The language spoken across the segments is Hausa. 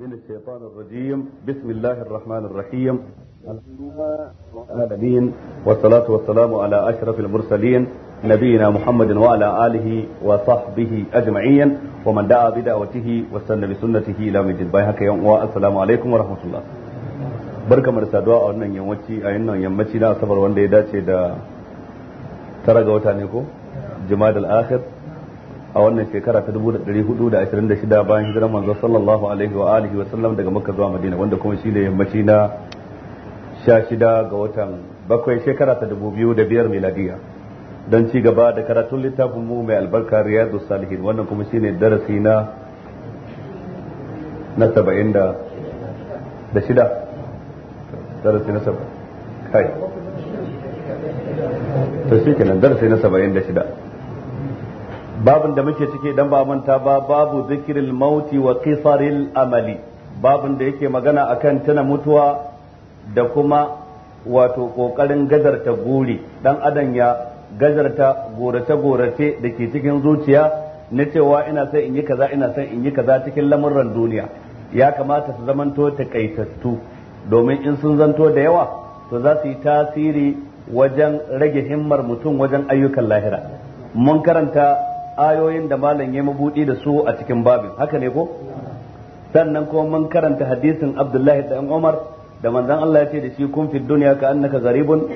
من الشيطان الرجيم بسم الله الرحمن الرحيم العالمين والصلاة والسلام على أشرف المرسلين نبينا محمد وعلى آله وصحبه أجمعين ومن دعا بدعوته واستنى بسنته إلى مجد البيهق يوم السلام عليكم ورحمة الله barka mu da saduwa a wannan yammaci a yannan yammaci na asabar wanda ya dace da tara ga wata ne ko jima'a da akhir a wannan shekara ta 1426 bayan hijirar manzo sallallahu alaihi wa alihi wa sallam daga Makka zuwa Madina wanda kuma shine yammaci na 16 ga watan bakwai shekara ta 2005 miladiya don ci gaba da karatun littafin mu mai albarka riyadu Salihin wannan kuma shine darasi na na 70 da da shida darasi na 70 kai to shi kenan darasi na 76 babin da muke ciki dan ba manta ba babu zikiril mauti wa qisaril amali babin da yake magana akan tana mutuwa da kuma wato kokarin gazarta guri dan adam ya gazarta gorata gorace da ke cikin zuciya na cewa ina sai in yi kaza ina sai in yi kaza cikin lamuran duniya ya kamata su zamanto takaitattu domin in sun zanto da yawa to za su yi tasiri wajen rage himmar mutum wajen ayyukan lahira mun karanta ayoyin da malam ya mabudi da su a cikin babin haka ne ko sannan kuma mun karanta hadisin Abdullahi da Umar da manzon Allah ya ce da shi kun fi dunya ka annaka garibun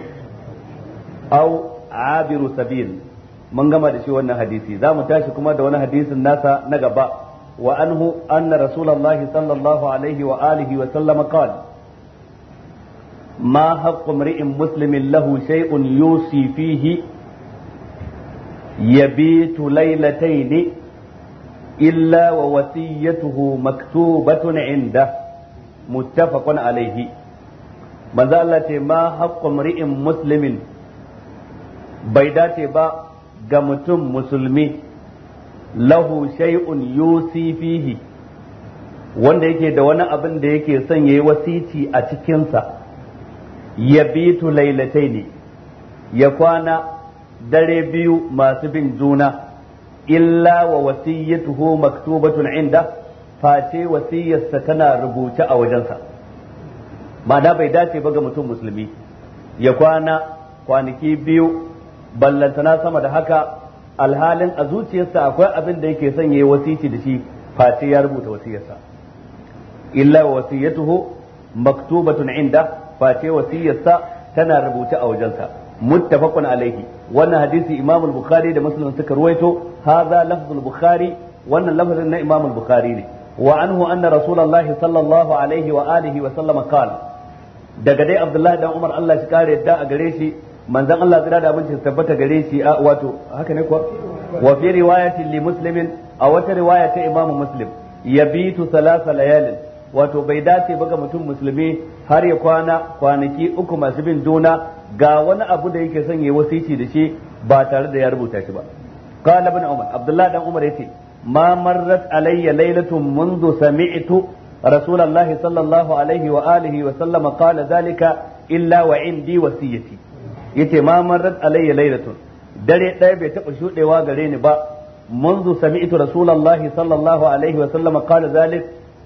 aw abiru sabil mun gama da shi wannan hadisi za mu tashi kuma da wani hadisin nasa na gaba wa anhu anna rasulullahi sallallahu alaihi wa alihi wa sallama qala ma حق امرئ مسلم له شيء يوصي فيه Yabi yabitu ne illa wa wasiyatuhu maktubatun inda muttafaqun alaihi manzo Allah ce ma haqqu mri'in muslimin bai dace ba ga mutum musulmi lahu shay'un yusi fihi wanda yake da wani abin da yake son yayi wasici a cikinsa ya bitu lailatai ne ya kwana dare biyu masu bin juna illa wa wasiyyatuhu maktubatun inda face wasiyarsa tana rubuce a wajensa ma'ana bai dace ba ga mutum musulmi ya kwana kwanaki biyu ballantana sama da haka alhalin a zuciyarsa akwai abin da yake son yayi wasici da shi face ya rubuta wasiyyarsa illa wa wasiyyatuhu maktubatun inda face wasiyarsa tana rubuce a wajensa muttafaqun alaihi wannan hadisi imam al-bukhari da muslim suka ruwaito hadha lafz al-bukhari wannan lafazin na imam al-bukhari ne wa anhu anna rasulullah sallallahu alaihi wa alihi wa sallam qala daga dai abdullahi dan umar Allah shi kare yadda a gare shi manzon Allah tsira da abinci tabbata gare shi a wato haka ne kuwa wa fi riwayatin li muslimin a wata riwaya ta imam muslim yabitu thalatha layalin wato bai dace ba ga mutum musulmi har ya kwana kwanaki uku masu bin juna ga wani abu da yake son yayi wasici da shi ba tare da ya rubuta shi ba qala ibn umar abdullah dan umar yace ma marrat alayya laylatun منذ sami'tu rasulullahi sallallahu alaihi wa alihi wa sallama qala zalika illa wa indi wasiyati yace ma marrat alayya laylatun dare ɗaya bai taɓa shuɗewa gare ni ba منذ سمعت رسول sallallahu alaihi wa sallama وسلم قال ذلك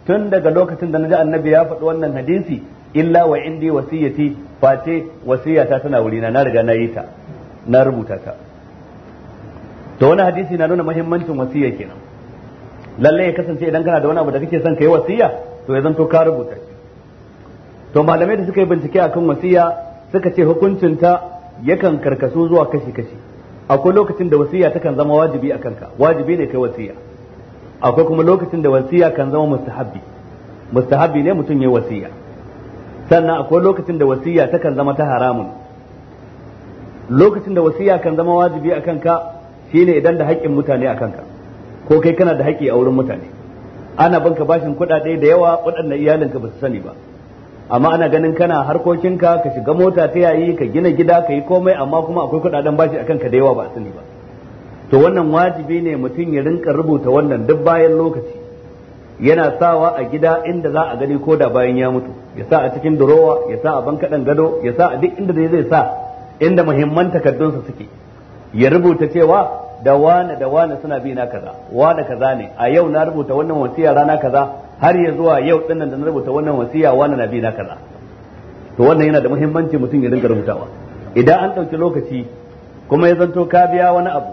tun daga lokacin da naji annabi ya faɗi wannan hadisi illa wa indi wasiyati face wasiyata tana wurina na riga na yi ta na rubuta ta to wani hadisi na nuna muhimmancin wasiya kenan lalle ya kasance idan kana da wani abu da kake son kai wasiya to ya zanto ka rubuta shi to malamai da suka yi bincike akan wasiya suka ce hukuncinta yakan karkasu zuwa kashi-kashi akwai lokacin da wasiya kan zama wajibi a kanka wajibi ne kai wasiya akwai kuma lokacin da wasiya kan zama mustahabbi mustahabbi ne mutum ya yi wasiya sannan akwai lokacin da wasiya takan zama ta haramun lokacin da wasiya kan zama wajibi a kanka shine idan da haƙƙin mutane a kanka ko kai kana da haƙƙi a wurin mutane ana banka bashin kuɗaɗe da yawa waɗannan iyalinka ba su sani ba amma ana ganin kana harkokinka ka shiga mota ta yayi ka gina gida ka yi komai amma kuma akwai kuɗaɗen bashi a kanka da yawa ba a sani ba to wannan wajibi ne mutum ya rinka rubuta wannan duk bayan lokaci yana sawa a gida inda za a gani ko da bayan ya mutu ya sa a cikin durowa ya sa a bankaɗen gado ya sa a duk inda zai sa inda muhimman takardunsa suke ya rubuta cewa da wane da wane suna bi na kaza wane kaza ne a yau na rubuta wannan wasiya rana kaza har ya zuwa yau dinnan da na rubuta wannan wasiya wane na bi na kaza to wannan yana da muhimmanci mutum ya dinga rubutawa idan an ɗauki lokaci kuma ya zanto ka biya wani abu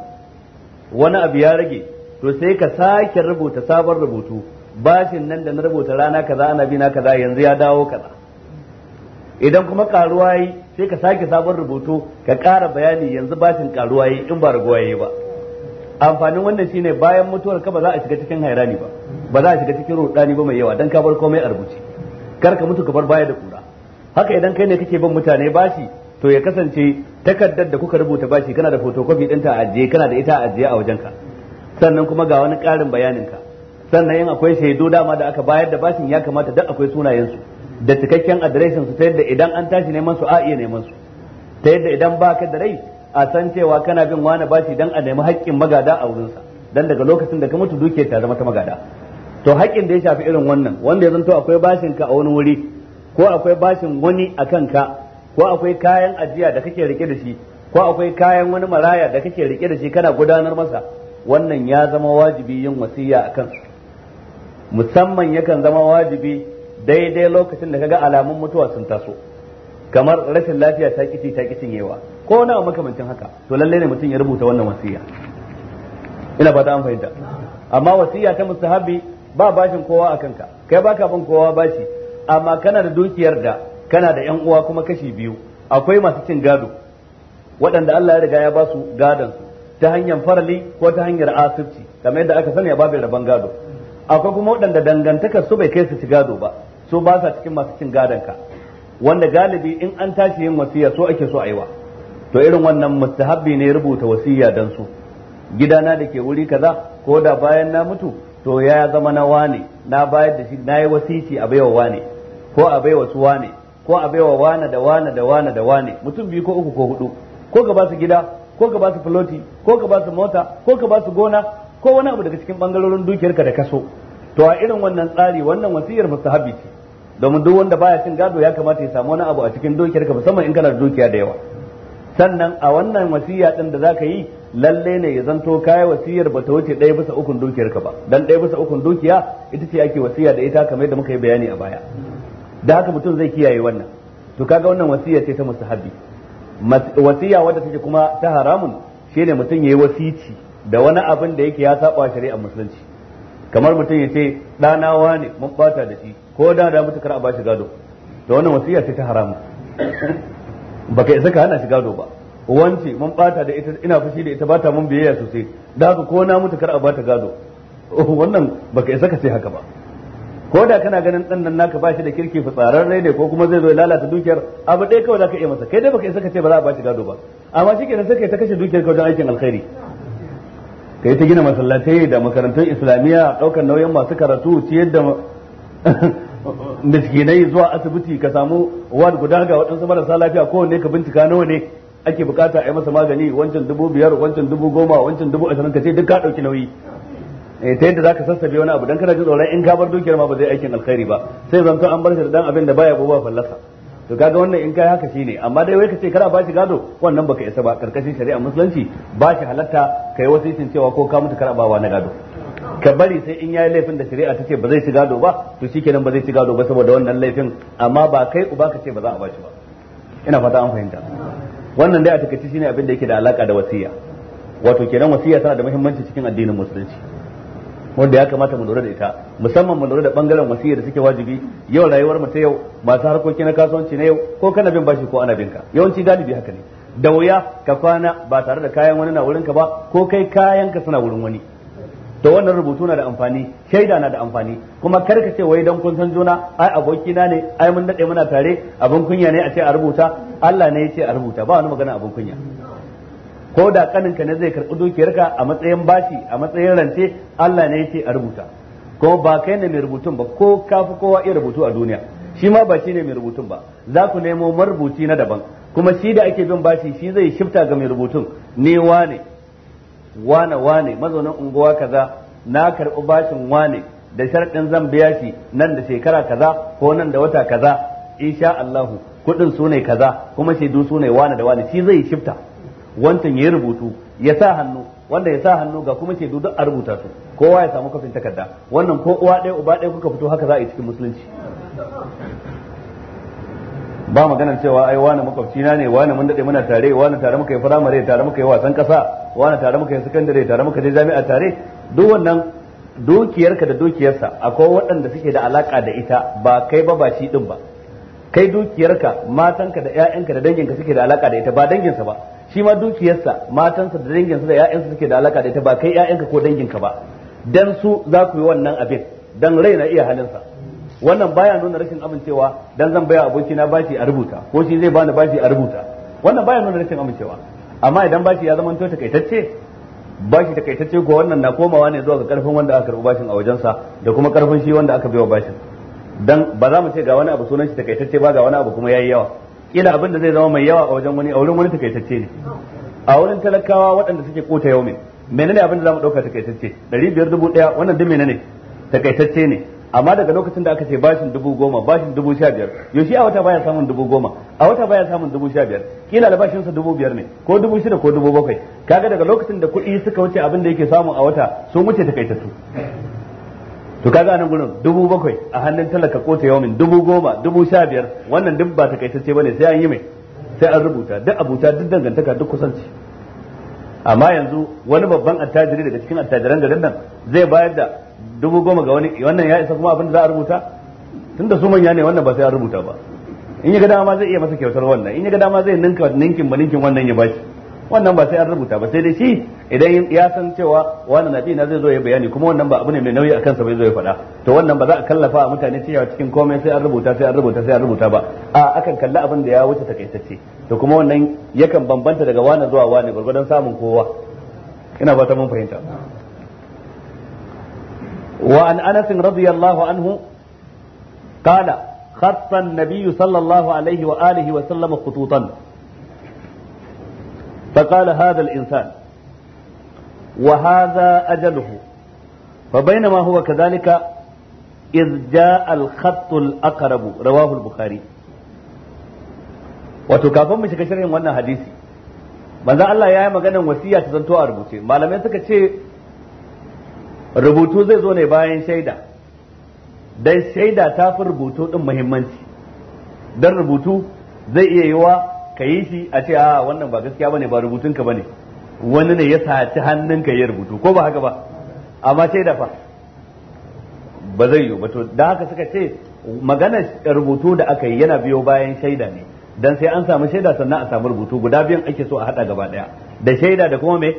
wani abu ya rage to sai ka sake rubuta sabon rubutu bashin nan da na rubuta rana kaza ana bi na kaza yanzu ya dawo kaza idan kuma karuwa yi sai ka sake sabon rubutu ka ƙara bayani yanzu bashin karuwa yi in ba raguwa yi ba amfanin wannan shine bayan mutuwar ka ba za a shiga cikin hairani ba ba za a shiga cikin rudani ba mai yawa dan ka bar komai a rubuce kar ka mutu ka bar baya da kura haka idan kai ne kake bin mutane bashi to ya kasance takardar da kuka rubuta bashi kana da photocopy ɗinta a ajiye kana da ita a ajiye a wajenka sannan kuma ga wani ƙarin ka. sannan in akwai shaidu dama da aka bayar da bashin ya kamata duk akwai sunayensu da cikakken adireshin su ta yadda idan an tashi neman su a iya neman su ta yadda idan ba ka da rai a san cewa kana bin wani bashi dan a nemi haƙƙin magada a wurinsa dan daga lokacin da ka mutu duke ta zama ta magada to haƙƙin da ya shafi irin wannan wanda ya zanto akwai bashin ka a wani wuri ko akwai bashin wani a kanka ko akwai kayan ajiya da kake rike da shi ko akwai kayan wani maraya da kake rike da shi kana gudanar masa wannan ya zama wajibi yin wasiyya a kansu musamman yakan zama wajibi daidai lokacin da kaga alamun mutuwa sun taso kamar rashin lafiya ta kici ta kicin yewa ko wani abu makamancin haka to lalle ne mutum ya rubuta wannan wasiya ina ba ta an fahimta amma wasiya ta musahabi ba bashin kowa a kanka kai baka bin kowa bashi amma kana da dukiyar da kana da yan uwa kuma kashi biyu akwai masu cin gado waɗanda Allah ya riga ya ba su gadon su ta hanyar farali ko ta hanyar asirci kamar yadda aka sani a babin rabon gado akwai kuma waɗanda dangantakar su bai kai su ci gado ba su ba sa cikin masu cin gadon ka wanda galibi in an tashi yin wasiya so ake so a yi to irin wannan mustahabbi ne rubuta wasiya dan su gidana da ke wuri kaza ko da bayan na mutu to ya zama na wane na bayar da shi na yi wasici a baiwa wane ko a baiwa su wane ko a baiwa wane da wane da wane da wane mutum biyu ko uku ko hudu ko ka ba su gida ko ka ba su filoti ko ka ba su mota ko ka ba su gona ko wani abu daga cikin bangarorin ka da kaso to a irin wannan tsari wannan wasiyar mustahabi ce domin duk wanda baya cin gado ya kamata ya samu wani abu a cikin ka musamman in kana da dukiya da yawa sannan a wannan wasiya din da zaka yi lalle ne ya zanto kai wasiyar ba ta wuce ɗaya bisa ukun dukiyarka ba dan ɗaya bisa ukun dukiya ita ce ake wasiya da ita kamar yadda muka yi bayani a baya da haka mutum zai kiyaye wannan to kaga wannan wasiya ce ta mustahabi wasiya wadda take kuma ta haramun shine mutum yayi wasici da wani abin da yake ya saba shari'a musulunci kamar mutum ya ce ɗanawa ne mun bata da shi ko da da mutukar a ba shi gado Da wannan wasiya ce ta haramu baka isa ka hana shi gado ba wance mun bata da ita ina fushi da ita bata mun biyayya sosai da haka ko na mutukar a bata gado oh, wannan baka isa ka ce haka ba ko da kana ganin ɗan nan naka bashi da kirki rai ne ko kuma zai zo ya lalata dukiyar abu ɗaya kawai ka iya masa kai dai baka isa ka ce ba za a bashi gado ba amma shikenan sai kai ta kashe dukiyar ka wajen aikin alkhairi Ka yi ta gina masallatai da makarantun islamiyya ɗaukar nauyin masu karatu ciyar da miskinai zuwa asibiti ka samu wani guda ga waɗansu marasa lafiya kowanne ka bincika nawa ne ake bukata a yi masa magani wancan dubu biyar wancan dubu goma wancan dubu ashirin ka ce duk ka ɗauki nauyi eh, ta yadda za ka sassabe wani abu don kana jin tsoron in ka bar dukiyar ma ba zai aikin alkhairi ba sai zanto an bar shi da ɗan abin da baya ba fallasa to kaga wannan in kai haka shine amma dai wai ka kada kar a gado wannan baka isa ba karkashin shari'a musulunci ba shi halatta kai wasu yin cewa ko ka mutu kar a bawa na gado ka bari sai in yayi laifin da shari'a tace ba zai ci gado ba to shikenan ba zai shi gado ba saboda wannan laifin amma ba kai uba ka ce ba za a bashi ba ina fata an fahimta wannan dai a takaice shine abin da yake da alaka da wasiya wato kenan wasiya tana da muhimmanci cikin addinin musulunci wanda ya kamata mu lura da ita musamman mu lura da bangaren wasiyya da suke wajibi yau rayuwar mu ta yau masu harkoki na kasuwanci na yau ko kana bin bashi ko ana binka yawanci galibi haka ne da wuya ka kwana ba tare da kayan wani na wurin ka ba ko kai kayan ka suna wurin wani to wannan rubutu na da amfani shaida na da amfani kuma kar ka ce wai dan kun san juna ai aboki na ne ai mun dade muna tare abin kunya ne a ce a rubuta Allah ne ya ce a rubuta ba wani magana abin kunya ko da kanin ka ne zai karɓi dukiyarka a matsayin bashi a matsayin rance Allah ne yake a rubuta ko ba kai ne mai rubutun ba ko kafi kowa iya rubutu a duniya shi ma ba shi ne mai rubutun ba za ku nemo marubuci na daban kuma shi da ake bin bashi shi zai shifta ga mai rubutun ne wane wane wane mazaunin unguwa kaza na karɓi bashin wane da sharɗin zan biya shi nan da shekara kaza ko nan da wata kaza sha Allahu kuɗin su kaza kuma shaidu su ne wane da wane shi zai shifta wancan ya rubutu ya sa hannu wanda ya sa hannu ga kuma shaidu duk a rubuta su kowa ya samu kafin takarda wannan ko uwa ɗaya uba ɗaya kuka fito haka za a yi cikin musulunci ba maganar cewa ai wani makwabci na ne wani mun dade muna tare wani tare muka yi firamare tare muka yi wasan kasa wani tare muka yi sakandare tare muka je jami'a tare duk wannan dukiyarka da dukiyarsa akwai waɗanda suke da alaka da ita ba kai ba ba shi din ba kai dukiyarka matanka da 'ya'yanka da danginka suke da alaka da ita ba danginsa ba shi ma dukiyarsa matansa da danginsa da ƴaƴansa suke da alaka da ita ba kai ƴaƴanka ko danginka ba dan su za ku yi wannan abin dan rai na iya halinsa wannan baya nuna rashin amincewa dan zan baya aboki na bashi a rubuta ko shi zai bani bashi a rubuta wannan baya nuna rashin amincewa amma idan bashi ya zama tota kaitacce bashi kaitacce ko wannan na komawa ne zuwa ga karfin wanda aka karbi bashin a wajensa da kuma karfin shi wanda aka wa bashin dan ba za mu ce ga wani abu sunan shi takaitacce ba ga wani abu kuma yayi yawa kila abin da zai zama mai yawa a wajen wani a wurin wani takaitacce ne a wurin talakawa waɗanda suke kota yau ne menene abin da mu dauka takaitacce ɗari biyar dubu ɗaya wannan duk menene takaitacce ne amma daga lokacin da aka ce bashin dubu goma bashin dubu sha biyar a wata baya samun dubu goma a wata baya samun dubu sha biyar kila albashinsa dubu biyar ne ko dubu shida ko dubu bakwai kaga daga lokacin da kuɗi suka wuce abin da yake samu a wata sun wuce takaitattu to kaga anan gurin dubu bakwai a hannun talaka ko ta yawmin dubu goma dubu sha biyar wannan duk ba takaitacce bane sai an yi mai sai an rubuta duk abuta duk dangantaka duk kusanci amma yanzu wani babban attajiri daga cikin attajiran garin nan zai bayar da dubu goma ga wani wannan ya isa kuma abin da za a rubuta da su manya ne wannan ba sai an rubuta ba in ya ga dama zai iya masa kyautar wannan in ya ga dama zai ninka ninkin ba ninkin wannan ya bashi wannan ba sai an rubuta ba sai dai shi idan ya san cewa wani nabi na zai zo ya bayani kuma wannan ba abu ne mai nauyi akan sa bai zo ya faɗa to wannan ba za a kallafa a mutane cewa cikin komai sai an rubuta sai an rubuta sai an rubuta ba a akan kalli abin da ya wuce takaitacce to kuma wannan yakan bambanta daga wani zuwa wani gwargwadon samun kowa ina fata mun fahimta wa an وعن انس anhu الله عنه قال خط النبي صلى الله عليه واله وسلم خطوطا فقال هذا الإنسان وهذا أجله فبينما هو كذلك إذ جاء الخط الأقرب رواه البخاري wato kafin mu shiga shirin wannan hadisi manzo Allah ya yi maganar wasiya ta zanto a rubuce malamai suka ce rubutu zai zo ne bayan shaida dan shaida ta fi rubutu din muhimmanci dan rubutu zai iya yiwa ka yi shi a ce a wannan ba gaskiya bane ba rubutun ka bane wani ne ya saci ka ya rubutu ko ba haka ba amma sai da fa ba zai yi ba to da haka suka ce magana rubutu da aka yi yana biyo bayan shaida ne dan sai an samu shaida sannan a samu rubutu guda biyan ake so a hada gaba daya da shaida da kuma me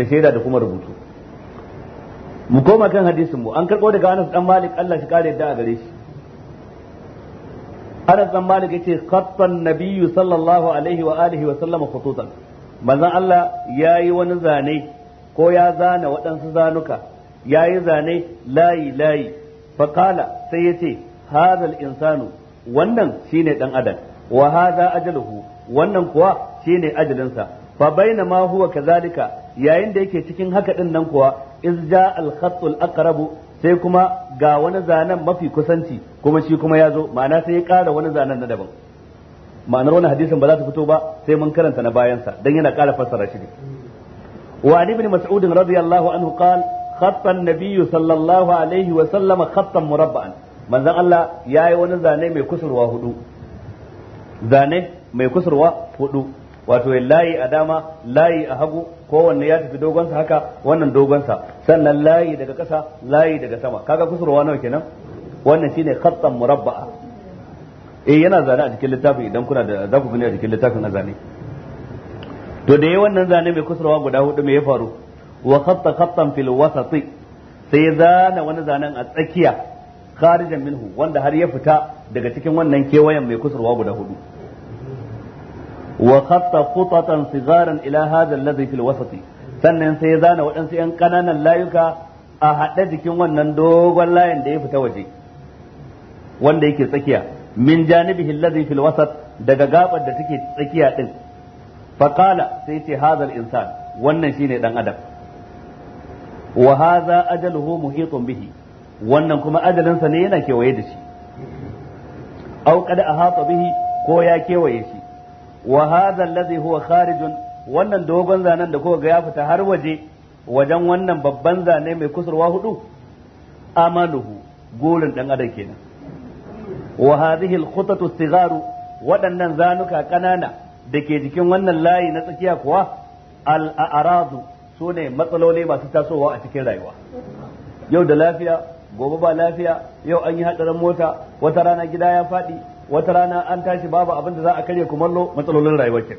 da shaida da kuma rubutu mu koma kan hadisin mu an karbo daga Anas dan Malik Allah shi kare da a gare shi Anas dan Malik yace khattan nabiyyu sallallahu alaihi wa alihi wa sallama khututan manzon Allah yayi wani zane ko ya zana waɗansu zanuka yayi zane layi layi faqala sai yace hadha insanu wannan shine dan adam wa hadha ajaluhu wannan kuwa shine ajalinsa fa bainama huwa kazalika. yayin da yake cikin haka din nan kuwa izja al-khattu aqrabu sai kuma ga wani zanen mafi kusanci kuma shi kuma ya zo ma'ana sai ya ƙara wani zanen na daban ma'anar wani hadisin ba za ta fito ba sai mun karanta na bayansa dan yana ƙara fassara shi ne wa ali ibn mas'ud radiyallahu anhu qal khatta an-nabiy sallallahu alaihi wa sallam khattan murabba'an manzon Allah yayi wani zane mai kusurwa hudu zane mai kusurwa hudu wato layi a dama layi a hagu kowanne ya tafi dogonsa haka wannan dogonsa sannan layi daga ƙasa layi daga sama kaga kusurwa nawa kenan wannan shine khattan murabba'a eh yana zane a cikin littafin idan kuna da zaku ku gani a cikin littafin a zane to da yayi wannan zane mai kusurwa guda hudu me ya faru wa khatta khattan fil wasati sai zana wani zanen a tsakiya kharijan minhu wanda har ya fita daga cikin wannan kewayen mai kusurwa guda hudu wa khatta qutatan sigaran ila hadha alladhi fil sannan sai ya zana waɗansu yan kananan layuka a haɗe jikin wannan dogon layin da ya fita waje wanda yake tsakiya min janibihi alladhi fil wasat daga gabar da take tsakiya din faqala sai ce hadha insan wannan shine dan adam wa hadha ajaluhu muhitun bihi wannan kuma ajalinsa ne yana kewaye da shi aw qad ahata bihi ko ya kewaye shi wa hadha alladhi huwa kharijun wannan dogon zanen da kuka ga ya fita har waje wajen wannan babban zane mai kusurwa hudu amaluhu gurin dan adam kenan wa hadhihi alkhutatu sigaru waɗannan zanuka ƙanana da ke jikin wannan layi na tsakiya kuwa al-a'radu sune matsaloli masu tasowa a cikin rayuwa yau da lafiya gobe ba lafiya yau an yi hadarin mota wata rana gida ya faɗi wata rana an tashi babu abin da za a karya kumallo matsalolin rayuwar kin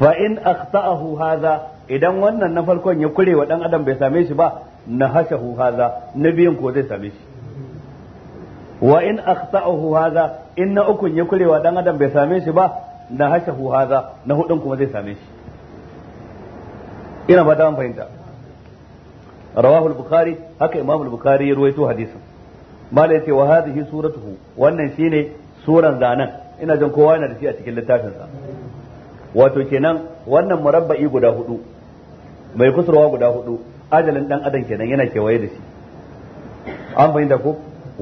fa in akhta'ahu hadha idan wannan na farkon ya kure wa dan adam bai same shi ba na hashahu hadha na biyan ko zai same shi wa in akhta'ahu hadha in na ukun ya kure wa dan adam bai same shi ba na hashahu hadha na hudun kuma zai same shi ina ba da fahimta rawahu al-bukhari haka imam al-bukhari ya ruwaito hadisin mala ce wa hadhihi suratuhu wannan shine suran zanen ina jin kowa yana da shi a cikin littafin sa wato kenan wannan murabba'i guda hudu mai kusurwa guda hudu ajalin dan adam kenan yana kewaye da shi an fahimta ko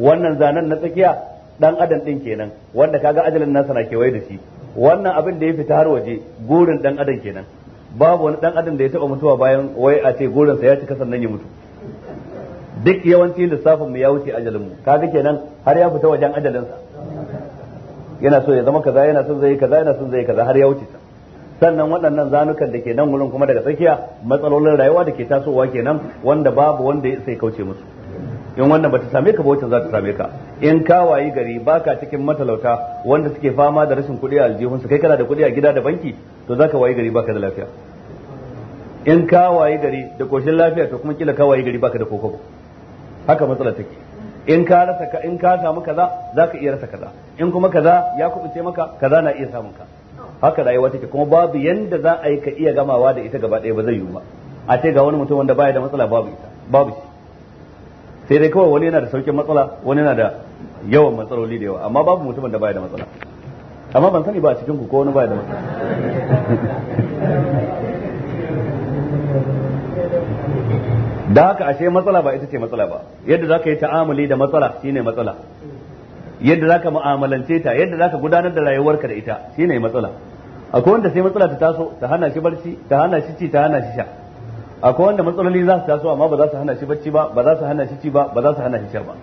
wannan zanan na tsakiya dan adam din kenan wanda kaga ajalin nasa na kewaye da shi wannan abin da ya fita har waje gurin dan adam kenan babu wani dan adam da ya taba mutuwa bayan wai a ce gurin sa ya cika sannan ya mutu duk yawanci lissafin mu ya wuce ajalin mu kaga kenan har ya fita wajen ajalin sa yana so ya zama kaza yana son zai kaza yana son zai kaza har ya wuce sa sannan waɗannan zanukan da ke nan wurin kuma daga tsakiya matsalolin rayuwa da ke tasowa kenan wanda babu wanda ya sai kauce musu in wannan bata same ka ba wacce za ta same ka in ka wayi gari baka cikin matalauta wanda suke fama da rashin kuɗi a aljihunsu kai kana da kuɗi a gida da banki to zaka wayi gari baka da lafiya in ka wayi gari da koshin lafiya to kuma kila ka wayi gari baka da kokobo haka matsala take in ka rasa ka in ka samu kaza zaka iya rasa kaza in kuma kaza ya kubuce maka kaza na iya samun ka haka rayuwa take kuma babu yanda za a yi ka iya gamawa da ita gaba ɗaya ba zai yiwu ba a ce ga wani mutum wanda baya da matsala babu ita babu shi sai dai kawai wani yana da saukin matsala wani yana da yawan matsaloli da yawa amma babu mutum wanda baya da matsala amma ban sani ba a cikin ku ko wani baya da matsala da haka ashe matsala ba ita ce matsala ba yadda za ka yi ta'amuli da matsala shine matsala yadda za ka mu'amalance ta yadda za ka gudanar da rayuwarka da ita shine matsala akwai wanda sai matsala ta taso ta hana shi barci ta hana shi ci ta hana shi sha akwai wanda matsaloli za su taso amma ba za su hana shi barci ba ba za su hana shi ci ba ba za su hana shi sha ba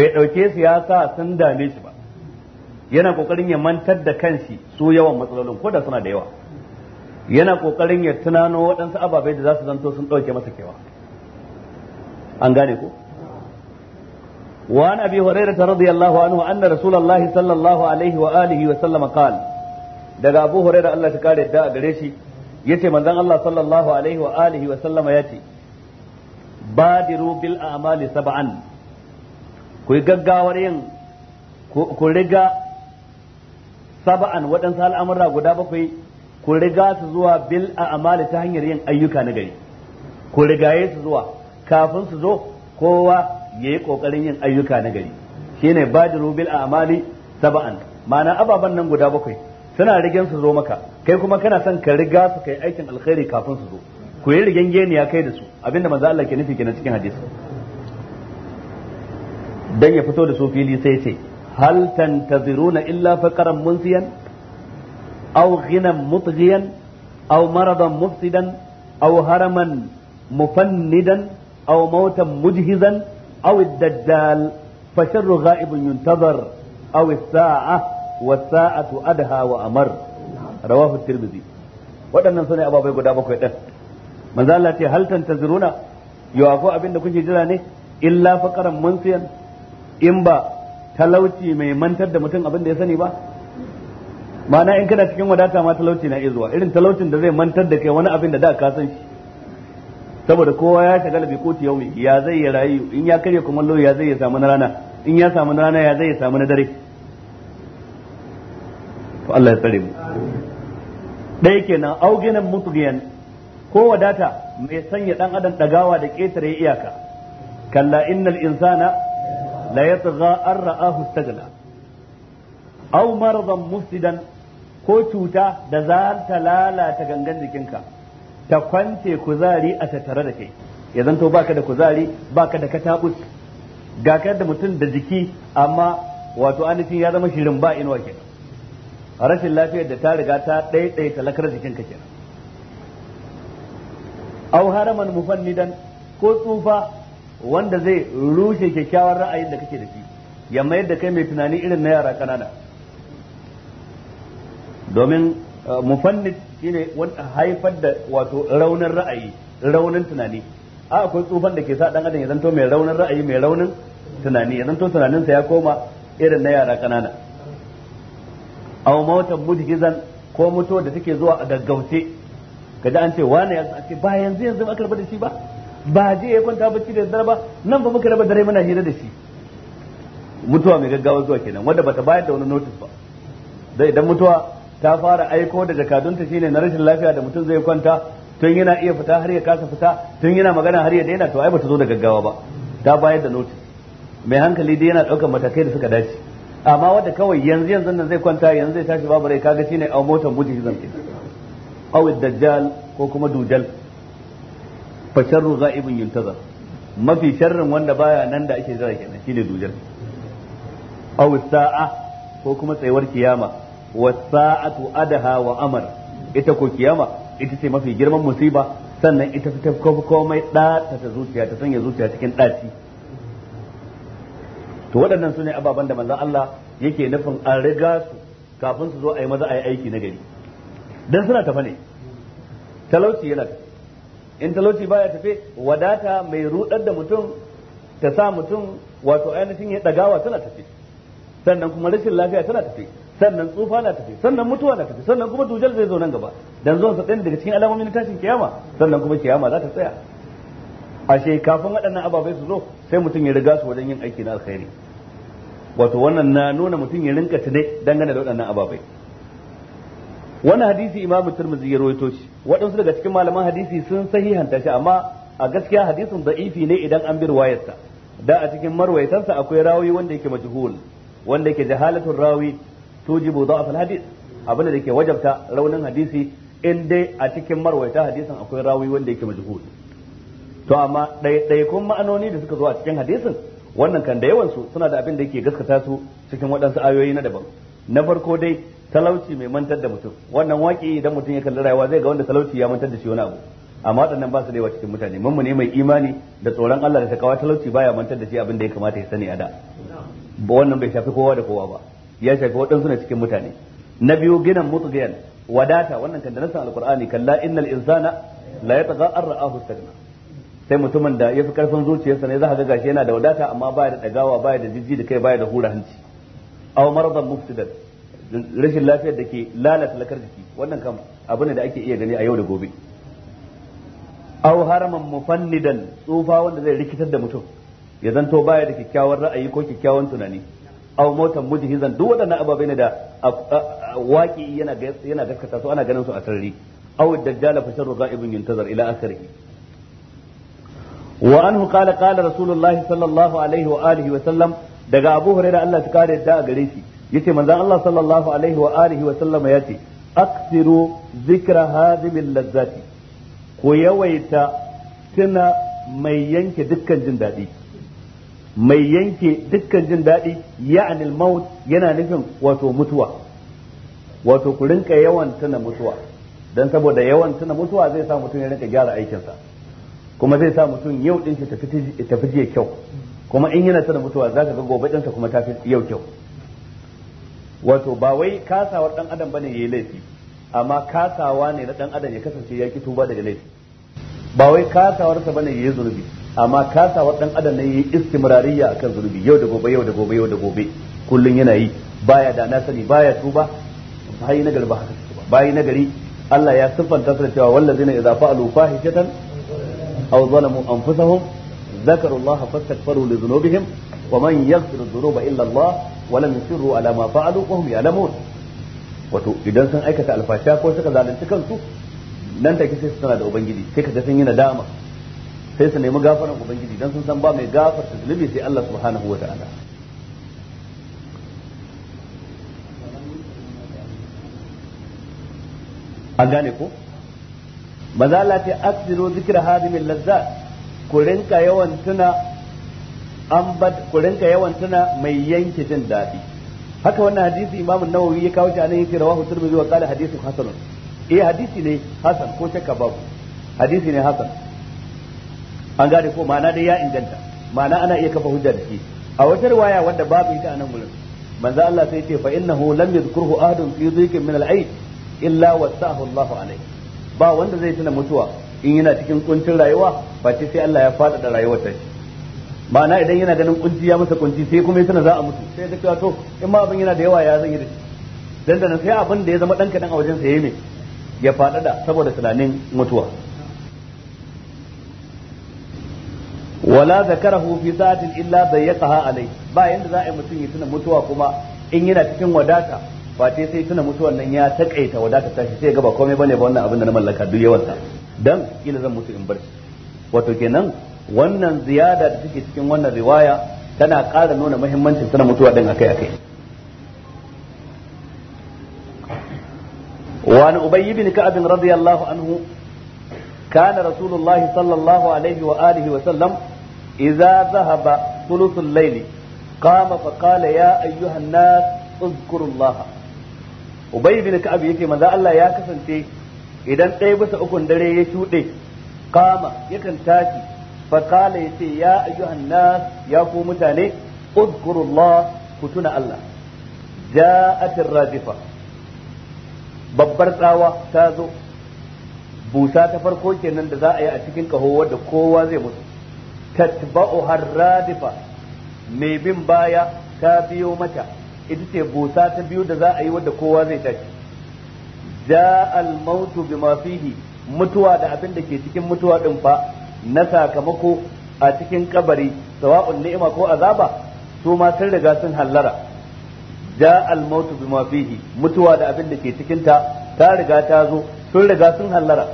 bai dauke su ya sa sun dame shi ba yana kokarin ya mantar da kanshi su yawan matsalolin ko da suna da yawa yana kokarin ya tunano waɗansu ababai da za su zanto sun ɗauke masa kewa an gane ko وعن ابي هريره رضي الله عنه ان رسول الله صلى الله عليه واله وسلم قال daga abu hurairah Allah ta kare da a gare shi yace manzan Allah sallallahu alaihi wa alihi wa sallama yace badiru a'mali sab'an ku gaggawar yin ku riga waɗansu guda bakwai ku riga su zuwa bil a'mali ta hanyar yin ayyuka na gari rigaye su zuwa kafin su zo kowa ya yi ƙoƙarin yin ayyuka na gari Shi ne shine rubil a a'mali Saba'an. ma'ana ababen nan guda bakwai suna rigen su zo maka kai kuma kana son ka riga su kai aikin alkhairi kafin su zo ku yi geniya kai da su abinda manzo Allah ke nufi kenan cikin hadisi dan ya fito da su fili sai ce hal tantaziruna illa faqaran munsiyan aw ghinan mutghiyan aw maradan mufsidan aw haraman mufannidan aw mautan mujhizan aw ad-dajjal fa sharru ghaibun yuntazar aw as-sa'a wa sa'atu adha wa amar rawahu tirmidhi waɗannan sune ababai guda bakwai din manzo Allah ce hal tantaziruna yawa ko abin da kuke jira ne illa faqaran munsiyan in ba talauci mai mantar da mutum abin da ya sani ba ma'ana in kana cikin wadata ma talauci na izuwa irin talaucin da zai mantar da kai wani abin da da ka san shi saboda kowa ya shagala bi kuti yaumi ya zai ya rayu in ya karya kumallo ya zai ya samu na rana in ya samu na rana ya zai ya samu na dare to Allah ya tsare mu ɗaya kenan auginan mutugiyan ko wadata mai sanya dan adam dagawa da ƙetare iyaka kalla innal insana la yatgha an ra'ahu istagla aw maradan mufsidan ko cuta da zalta ta lalata gangan jikinka ta kwance kuzari a tattare da kai ya zanto baka da kuzari baka da katabus ga ka da mutum da jiki amma wato anifin ya zama shirin ba inuwa kenan rashin lafiyar da ta riga ta ɗaiɗai talakar jikin jikinka kenan au haraman mufannidan ko tsufa wanda zai rushe kyakkyawar ra'ayin da kake da shi ya mayar da kai mai tunani irin na yara kanana domin mufannit shine wanda haifar da wato raunin ra'ayi raunin tunani a akwai tsufan da ke sa dan adam ya zanto mai raunin ra'ayi mai raunin tunani ya zanto tunaninsa ya koma irin na yara kanana aw mautan mujizan ko muto da take zuwa a gaggauce kaji an ce wani ya ce ba yanzu yanzu ba raba da shi ba ba je ya kwanta bacci da dare ba nan ba muka raba dare muna hira da shi mutuwa mai gaggawa zuwa kenan wanda bata bayar da wani notice ba dai idan mutuwa ta fara aiko da jakadunta shine na rashin lafiya da mutum zai kwanta tun yana iya fita har ya kasa fita tun yana magana har ya daina to ai bata zo da gaggawa ba ta bayar da notice mai hankali dai yana daukar matakai da suka dace amma wanda kawai yanzu yanzu nan zai kwanta yanzu zai tashi babu rai kaga shine a motar zan ki aw dajjal ko kuma dujal fa sharru za'ibun yuntazar mafi sharrin wanda baya nan da ake jira kenan shine dujal Awi sa'a ko kuma tsayuwar kiyama wasa'atu adaha wa amar ita ko kiyama ita ce mafi girman musiba sannan ita ta komai ɗata ta zuciya ta sanya zuciya cikin ɗaci to waɗannan su ne ababen da manzo Allah yake nufin an riga su kafin su zo a yi maza a yi aiki na gari dan suna tafa ne talauci yana tafe, in talauci baya tafe wadata mai rudar da mutum ta sa mutum wato ainihin ya dagawa tana tafe, sannan kuma rashin lafiya tana tafe. sannan tsufa na tafi sannan mutuwa na tafi sannan kuma dujal zai zo nan gaba dan zuwan sa ɗaya daga cikin alamomin tashin kiyama sannan kuma kiyama za ta tsaya ashe kafin waɗannan ababai su zo sai mutum ya riga su wajen yin aiki na alkhairi wato wannan na nuna mutum ya rinka tunai dangane da waɗannan ababai wannan hadisi imamu tirmidhi ya rawaito shi waɗansu daga cikin malaman hadisi sun sahihanta shi amma a gaskiya hadisin da'ifi ne idan an bi riwayarsa da a cikin marwayatansa akwai rawi wanda yake majhul wanda yake jahalatul rawi tujibu da'af al-hadith abinda da ke wajabta raunin hadisi in dai a cikin marwaita hadisin akwai rawi wanda yake majhul to amma ɗaiɗaikun ma'anoni da suka zo a cikin hadisin wannan kan da yawansu suna da abin da yake gaskata su cikin waɗansu ayoyi na daban na farko dai talauci mai mantar da mutum wannan waki idan mutum ya kalli rayuwa zai ga wanda talauci ya mantar da shi wani abu amma waɗannan ba su da yawa cikin mutane mun ne mai imani da tsoron Allah da takawa talauci baya mantar da shi abin da ya kamata ya sani a da wannan bai shafi kowa da kowa ba ya shafi waɗansu na cikin mutane na biyu ginan mutughiyan wadata wannan kan da nasan alqur'ani kalla innal insana la yataqa ar ra'ahu stagna sai mutumin da yafi karfin zuciyarsa ne za ka ga gashi yana da wadata amma baya da dagawa baya da jijji da kai baya da hura hanci aw maradan mufsidan rashin lafiyar da ke lalata lakar jiki wannan kam abu da ake iya gani a yau da gobe aw haraman mufannidan tsufa wanda zai rikitar da mutum ya zanto baya da kyakkyawan ra'ayi ko kyakkyawan tunani aw mautan mujhizan duk waɗannan ababai ne da waki yana yana gaskata su ana ganin su a sarari aw dajjal fa sharru ghaibun yuntazar ila akhirih wa anhu qala qala rasulullahi sallallahu alaihi wa alihi wa sallam daga abu hurairah Allah ta kare da gare shi yace manzon Allah sallallahu alaihi wa alihi wa sallam yace aksiru zikra hadhihi lazzati ku yawaita tuna mai yanke dukkan jin daɗi mai yanke dukkan jin daɗi ya anil maut yana nufin wato mutuwa wato ku rinka yawan tuna mutuwa don saboda yawan tuna mutuwa zai sa mutum ya rinka gyara aikinsa kuma zai sa mutum yau din shi tafi jiya kyau kuma in yana tuna mutuwa za ka ga gobe ɗinsa kuma tafi yau kyau wato ba wai kasawar dan adam bane yi laifi amma kasawa ne na dan adam ya kasance ya ki tuba daga laifi ba wai kasawarsa bane yi zunubi amma kasawar dan adam ne yi istimrariya akan zunubi yau da gobe yau da gobe yau da gobe kullun yana yi baya da na sani baya tuba bayi na gari ba haka ba bayi na gari Allah ya siffanta su da cewa wallazina idza fa'alu fahishatan aw zalamu anfusahum ذكروا الله فاستغفروا لذنوبهم ومن يغفر الذنوب الا الله ولم يصروا على ما فعلوا وهم يعلمون wato idan sun aikata alfasha ko suka zalunci kansu nan take sai suna da ubangiji sai ka sun yi nadama sai su nemi gafaran ubangiji dan sun san ba mai gafarta zunubi sai Allah subhanahu wa ta'ala an gane ko maza Allah ta aksiru zikra hadimin lazzat ku rinka yawan tuna an bad ku rinka yawan tuna mai yanke jin daɗi haka wannan hadisi Imam Nawawi ya kawo shi anan yake rawahu Tirmidhi wa qala hadithu hasan eh hadisi ne hasan ko shakka babu hadisi ne hasan an gane ko ma'ana dai ya inganta ma'ana ana iya kafa hujja da shi a wata riwaya wanda babu ita a nan gurin manzo Allah sai ce fa innahu lam yadhkurhu ahadun fi dhikrin min al-aid illa wasahu Allahu alayhi ba wanda zai tuna mutuwa in yana cikin kuncin rayuwa ce sai Allah ya fada da rayuwar ta ma'ana idan yana ganin kunci ya masa kunci sai kuma ya za a mutu sai ga cewa to in ma abin yana da yawa ya zan yi da shi dan da sai abin da ya zama dan kadan a wajen sa yayi ya fada da saboda tunanin mutuwa wala zakarahu fi sa'atin illa dayyaqaha alai ba yanda za a yi mutum ya tuna mutuwa kuma in yana cikin wadata ba sai sai tuna mutuwan nan ya takaita wadata ta shi sai ga ba komai bane ba wannan abin da na mallaka duk yawan sa dan kila zan mutu in bar shi wato kenan wannan ziyada da take cikin wannan riwaya tana ƙara nuna muhimmancin tuna mutuwa din akai-akai وعن أبي بن كعب رضي الله عنه كان رسول الله صلى الله عليه وآله وسلم idza zahaba thuluthul layli qama fa qala ya ayyuhan nas uzkurullaha ubay bin ka'ab yake manzo Allah ya kasance idan ɗaya bisa ukun dare ya shuɗe qama yakan tashi fa yace ya ayyuhan nas ya ku mutane uzkurullah ku tuna Allah ja'at radifa babbar tsawa ta zo busa ta farko kenan da za a yi a cikin kaho wanda kowa zai mutu har radifa mai bin baya ta biyo mata ita ce busa ta biyu da za a yi wadda kowa zai tashi ja al-mautu bima fihi mutuwa da abin da ke cikin mutuwa din fa na sakamako a cikin kabari sawa'un ni'ima ko azaba su ma sun riga sun hallara ja al-mautu bima fihi mutuwa da abin da ke cikin ta ta riga ta zo sun riga sun hallara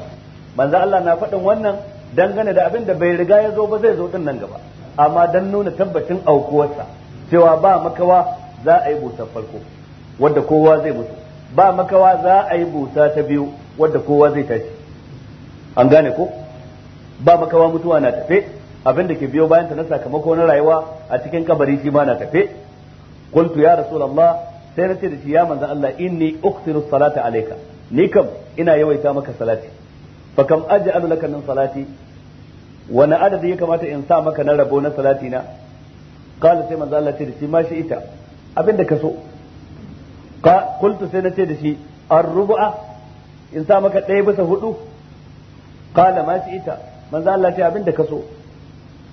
manzo Allah na faɗin wannan dangane da abin da bai riga ya zo ba zai zo din nan gaba amma dan nuna tabbacin aukuwarsa cewa ba makawa za a yi busa farko wadda kowa zai mutu ba makawa za a yi busa ta biyu wadda kowa zai tashi an gane ko ba makawa mutuwa na tafe abin da ke biyo bayan ta na sakamako na rayuwa a cikin kabari shi ma na tafe qultu ya rasulullah sai na ce da shi ya manzo Allah inni uqsiru salata alayka ni kam ina yawaita maka salati fa kam aj'alu laka min salati wani adadi ya kamata in sa maka na rabo na salati na Kala sai manzo Allah ce da shi ma shi ita abinda ka so ka kultu sai na ce da shi ar-rubu'a in sa maka ɗaya bisa hudu Kala ma shi ita manzo Allah ce abinda ka so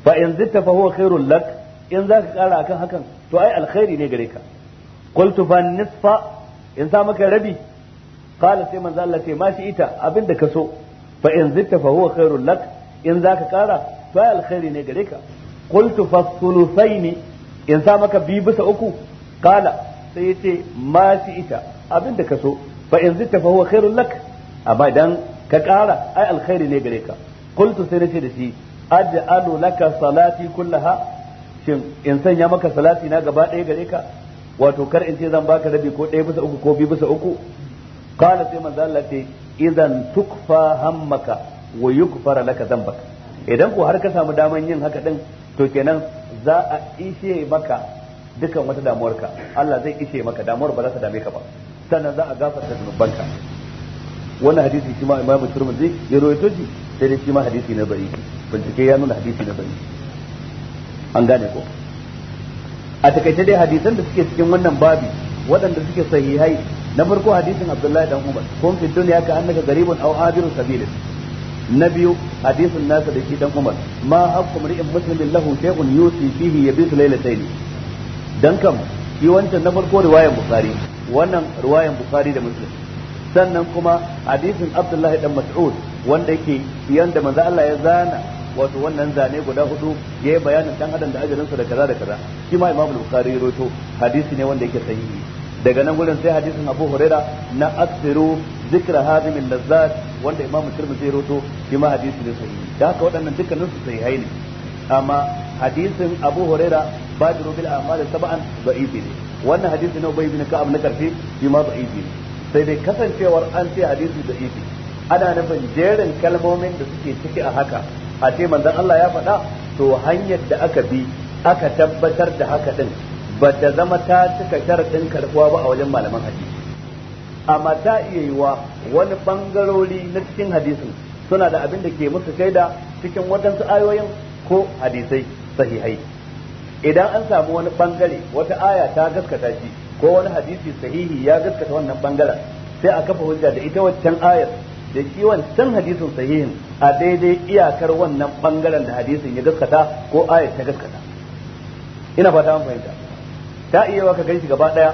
fa in zitta fa huwa khairul lak in ka kara akan hakan to ai alkhairi ne gare ka qultu fa nisfa in sa maka rabi Kala sai manzo Allah ce ma shi ita abinda ka so fa in zitta fa huwa khairul lak in zaka kara fa alkhairi ne gare ka qultu fa thuluthaini in sa maka bi bisa uku kala sai yace ma shi ita abinda ka so fa in zitta fa huwa khairul lak amma idan ka kara ai alkhairi ne gare ka qultu sai nace da shi aj'alu laka salati kullaha shin in sanya maka salati na gaba ɗaya gare ka wato kar in ce zan baka rabi ko ɗaya bisa uku ko biyu bisa uku kala sai manzo Allah ce idan tukfa hammaka wa yukfara laka zambaka idan ko har ka samu daman yin haka din to kenan za a ishe maka dukan wata damuwarka Allah zai ishe maka damuwar ba za ta dame ka ba sannan za a gafarta zunubanka wannan hadisi shi ma Imam Tirmidhi ya rawaito shi sai dai shi ma hadisi na bari bincike ya nuna hadisi na bari an gane ko a takaice dai hadisan da suke cikin wannan babi waɗanda suke sahihai na farko hadisin abdullahi dan umar kun fi dunya ka annaka garibun aw abiru sabilin na biyu hadisin nasa da shi dan umar ma haqqu mar'in muslimin lahu shay'un yusi fihi yabisu laylatayn dan kam shi wancan na farko riwayan bukhari wannan riwayan bukhari da muslim sannan kuma hadisin abdullahi dan mas'ud wanda yake yanda manzo Allah ya zana wato wannan zane guda hudu ya yi bayanin dan adam da ajalinsa da kaza da kaza shi ma imamu bukhari ya roto hadisi ne wanda yake sahihi daga nan gurin sai hadisin Abu Huraira na asiru zikra hadimin lazzat wanda Imam zai zai roto shi ma hadisi ne sahihi da haka waɗannan dukkanin su sahihai ne amma hadisin Abu Huraira badiru bil a'mal sab'an da'ifi ne wannan hadisi na Ubay ibn Ka'ab na karfi shi ma da'ifi ne sai dai kasancewar an ce hadisi da'ifi ana nufin jerin kalmomin da suke ciki a haka a ce manzon Allah ya faɗa to hanyar da aka bi aka tabbatar da haka din ba ta zama ta cika sharaɗin karɓuwa ba a wajen malaman hadisi amma ta iya yi wa wani ɓangarori na cikin hadisin suna da abin da ke musu shaida cikin waɗansu ayoyin ko hadisai sahihai idan an samu wani ɓangare wata aya ta gaskata shi ko wani hadisi sahihi ya gaskata wannan ɓangaren, sai a kafa hujja da ita wancan ayar da shi wancan hadisin sahihin a daidai iyakar wannan ɓangaren da hadisin ya gaskata ko ayar ta gaskata ina fata an fahimta ta iya wa ka ganshi gaba daya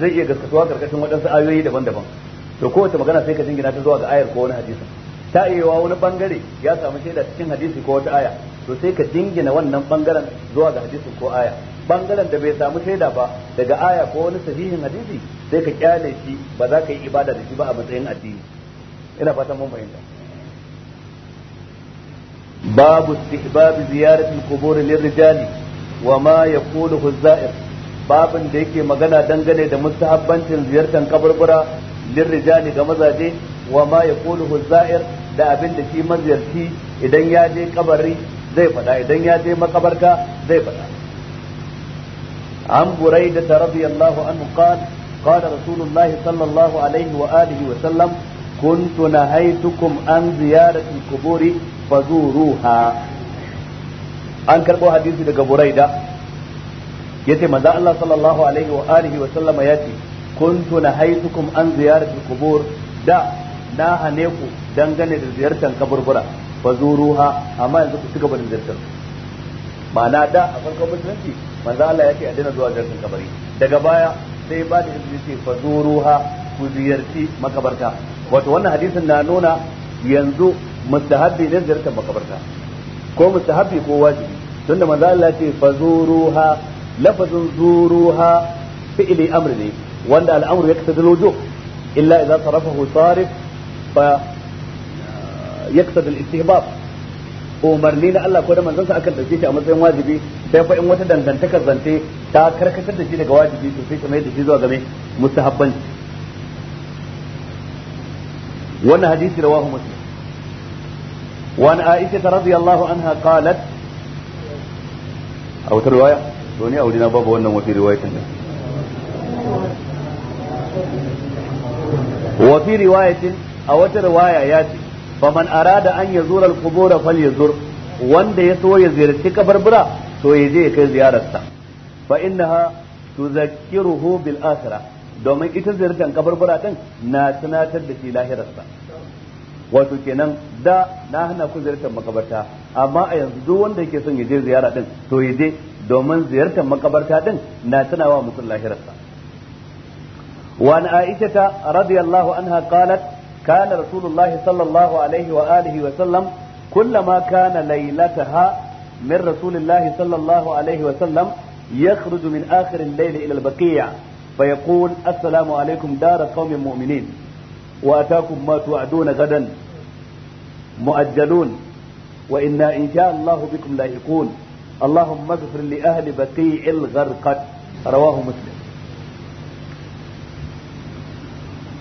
zai iya gaskatuwa karkashin waɗansu ayoyi daban-daban to kowace magana sai ka jingina ta zuwa ga ayar ko wani hadisi ta iya wa wani bangare ya samu shaida cikin hadisi ko wata aya to sai ka jingina wannan bangaren zuwa ga hadisi ko aya bangaren da bai samu shaida ba daga aya ko wani sahihin hadisi sai ka kyale shi ba za ka yi ibada da shi ba a matsayin addini ina fatan mun fahimta babu istihbab ziyarat al-qubur lirrijali wa ma yaquluhu az-za'ir babin da yake magana dangane da mustahabbancin ziyartar kaburbura lirrijali ga mazaje wa ma yaquluhu za'ir da abin da shi maziyarci idan ya je kabari zai faɗa idan ya je makabarta zai faɗa an buraida radiyallahu anhu qala qala rasulullah sallallahu alaihi wa alihi wa sallam an ziyarati kuburi fazuruha An karbo hadisi daga buraida yace manzo Allah sallallahu alaihi wa alihi wa sallama yace kuntu nahaitukum an ziyaratil qubur da na hane ku dangane da ziyartar kaburbura fazuruha amma yanzu ku cigaba da ziyartar ma'ana da a farkon musulunci manzo Allah yace a daina zuwa ziyartar kabari daga baya sai ba da izini ce fazuruha ku ziyarci makabarta wato wannan hadisin na nuna yanzu mustahabbi ne ziyartar makabarta ko mustahabbi ko wajibi tunda manzo Allah ce fazuruha lafazin zuruha fi'li amr ne wanda al'amru yaqtadi al-wujub illa idza sarafahu sarif fa uh, yaqtadi al-istihbab umarni na Allah ko da sa akan dauke shi a matsayin wajibi sai fa in wata dangantakar zance ta karkatar da shi daga wajibi to sai mai da shi zuwa game mustahabban wannan hadisi rawahu muslim وعن عائشة رضي الله عنها قالت أو رواية to ni a wurina babu wannan wata riwayatin da wa fi riwayatin a wata riwaya ya ce faman arada an yazura al-qubur falyazur wanda ya so ya ziyarci kabarbura to ya je ya kai ziyararsa fa innaha tuzakkiruhu bil akhirah domin ita ziyartar kabarbura din na tunatar da shi lahirarsa wato kenan da na hana ku ziyartar makabarta amma a yanzu duk wanda yake son ya je ziyara din to ya je domin ziyartar makabarta din na tunawa mutum lahirarsa wa an aisha radiyallahu anha qalat kana rasulullah sallallahu alaihi wa alihi wa sallam kullama kana laylataha min rasulillah sallallahu alaihi wa sallam يخرج من آخر الليل إلى البقيع فيقول السلام عليكم دار قوم مؤمنين وأتاكم ما توعدون غدا مؤجلون وإنا إن شاء الله بكم لاحقون اللهم اغفر لأهل بقيع الغرقد رواه مسلم